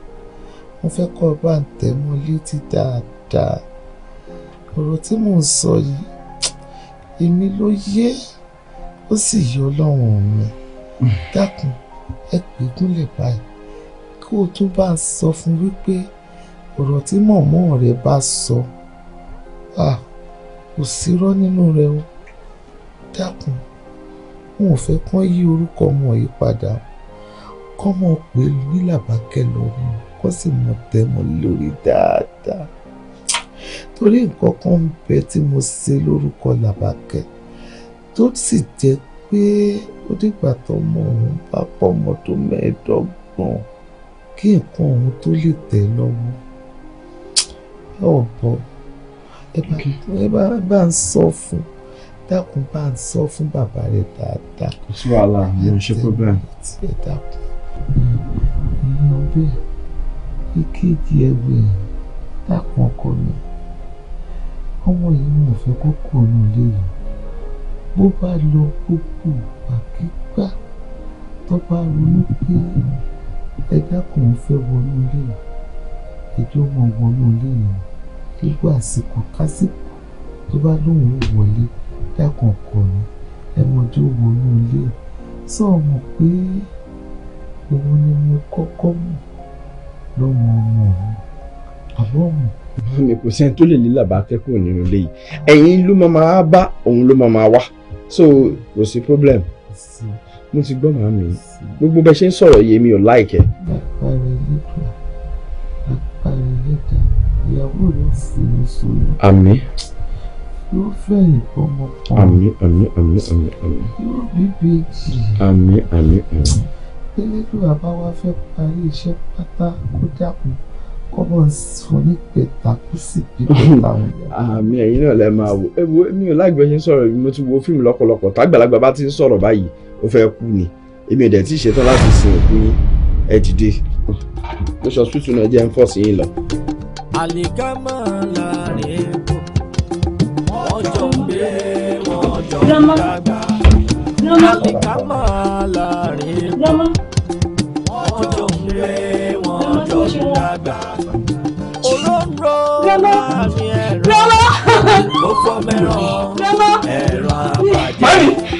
mo fẹ́ kọ́ ọ bá ń tẹ̀ mọ́ létí dáadáa ọ̀rọ̀ tí mò ń sọ yìí èmi ló yé ó sì yọ ọlọ́run mi hmm. dákun ẹ pè é gúnlẹ̀ báyìí kó o tún bá ń sọ fún wípé ọ̀rọ̀ tí mọ̀mọ́ rẹ̀ bá sọ kò sírọ́ nínú rẹ̀ o dákun n ò fẹ́ kán yí orúkọ ọmọ yìí padà kọ́mọ pé nílàbákẹ́ lọ ni kó sì mọ̀ tẹ́mọ̀ lórí dáadáa torí nǹkan kan ń bẹ tí mo ṣe lórúkọ làbákẹ́ tó sì jẹ́ pé ó dìgbà tọmọ òun bá pọ̀ ọmọ tó mẹ́ẹ̀ẹ́dọ́gbọ̀n kí nǹkan ọ̀hún tó lè tẹ̀ lọ́wọ́ ọ̀ bọ̀ ẹ bá ń sọ fún dákun bá ń sọ fún bàbá rẹ dáadáa. kò sí wàhálà mo ṣe pé bẹ́ẹ̀. ẹ dákun ìyẹn ọbẹ̀ ìkejì ẹgbẹ́ dákun ọkọ mi ọmọ yìí mo fẹ́ kó kú ọ̀nà ilé yìí bó bá lọ kó kú tó bá ronú pé ẹ dákun mo fẹ́ wọnú ilé yìí ẹjọ́ mọ̀ wọnú ilé yìí gbogbo àsìkò kásìkò tó bá lóun ò wọlé dákun ọkọ mi ẹ mọjú wọnú ilé sọ mọ̀ pé òun ni mo kọ́kọ́ mọ̀ lọ́mọ ọmọ mi àbọ̀ mọ̀ mi kò sẹ́ni tó lè lé làbákẹ́ kúrò nínú ilé yìí ẹ̀yin ló máa máa bá òun ló máa wá so kò sí problem mo ti gbọ́ màmí gbogbo bẹ́ẹ̀ ṣe ń sọ̀rọ̀ yìí mi ò láìkẹ́. àmín. yóò fẹ̀yìn fọmọ kan. àmín àmín àmín àmín àmín. yóò bí bèjì. àmín àmín àmín. elédùn àbáwá fẹ́ parí iṣẹ́ pátá kó dàkún kọ́mọ sọ ní pẹ̀tà kó sì bí pẹ̀tà wọn. àmì ẹ̀yin náà lẹ máa wò ẹ wo mi ò lágbẹ̀ẹ́ ṣe ń sọ̀rọ̀ mo ti wo fíìmù lọ́pọ̀lọpọ̀ tágbàlagbà bá ti ń sọ̀rọ̀ báyìí ó fẹ́ kú ni èmi ò dẹ̀ tí ì ṣetán láti sin òkú yín ẹ dìde mo sọ tútù náà jẹ́ ń fọ̀ sí yín lọ. àlìkámà láàrin èkó ọjọ́ ń gbé ọjọ́ ń dàgbà àlìkámà láàrin èkó ọjọ́ ń gbé ọjọ́ ń dàgbà olóró láàrin ẹ̀rọ ló fọ́ mẹ́rọ ẹ̀rọ àbájá.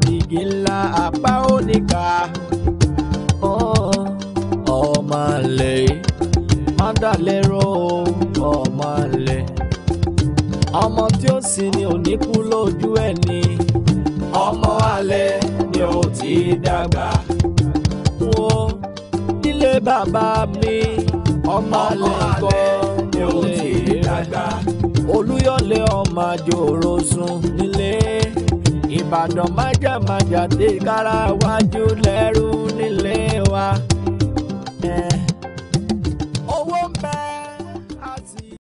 dìgì ńlá apá oníka. Oh. ọmọ àlè má dàlérò ọmọ àlè ọmọ tí ó sì ní òníkú lójú ẹ̀ ni. ọmọ àlè ni ó ti dàgbà. wo nílé bàbá mi ọmọ àlè kọ́ ni ó ti dàgbà. olúyọ̀lé ọmọ àjòrò sùn nílé ìbàdàn májàmájà dé kára wájú lẹ́rú nílé wa. Eh.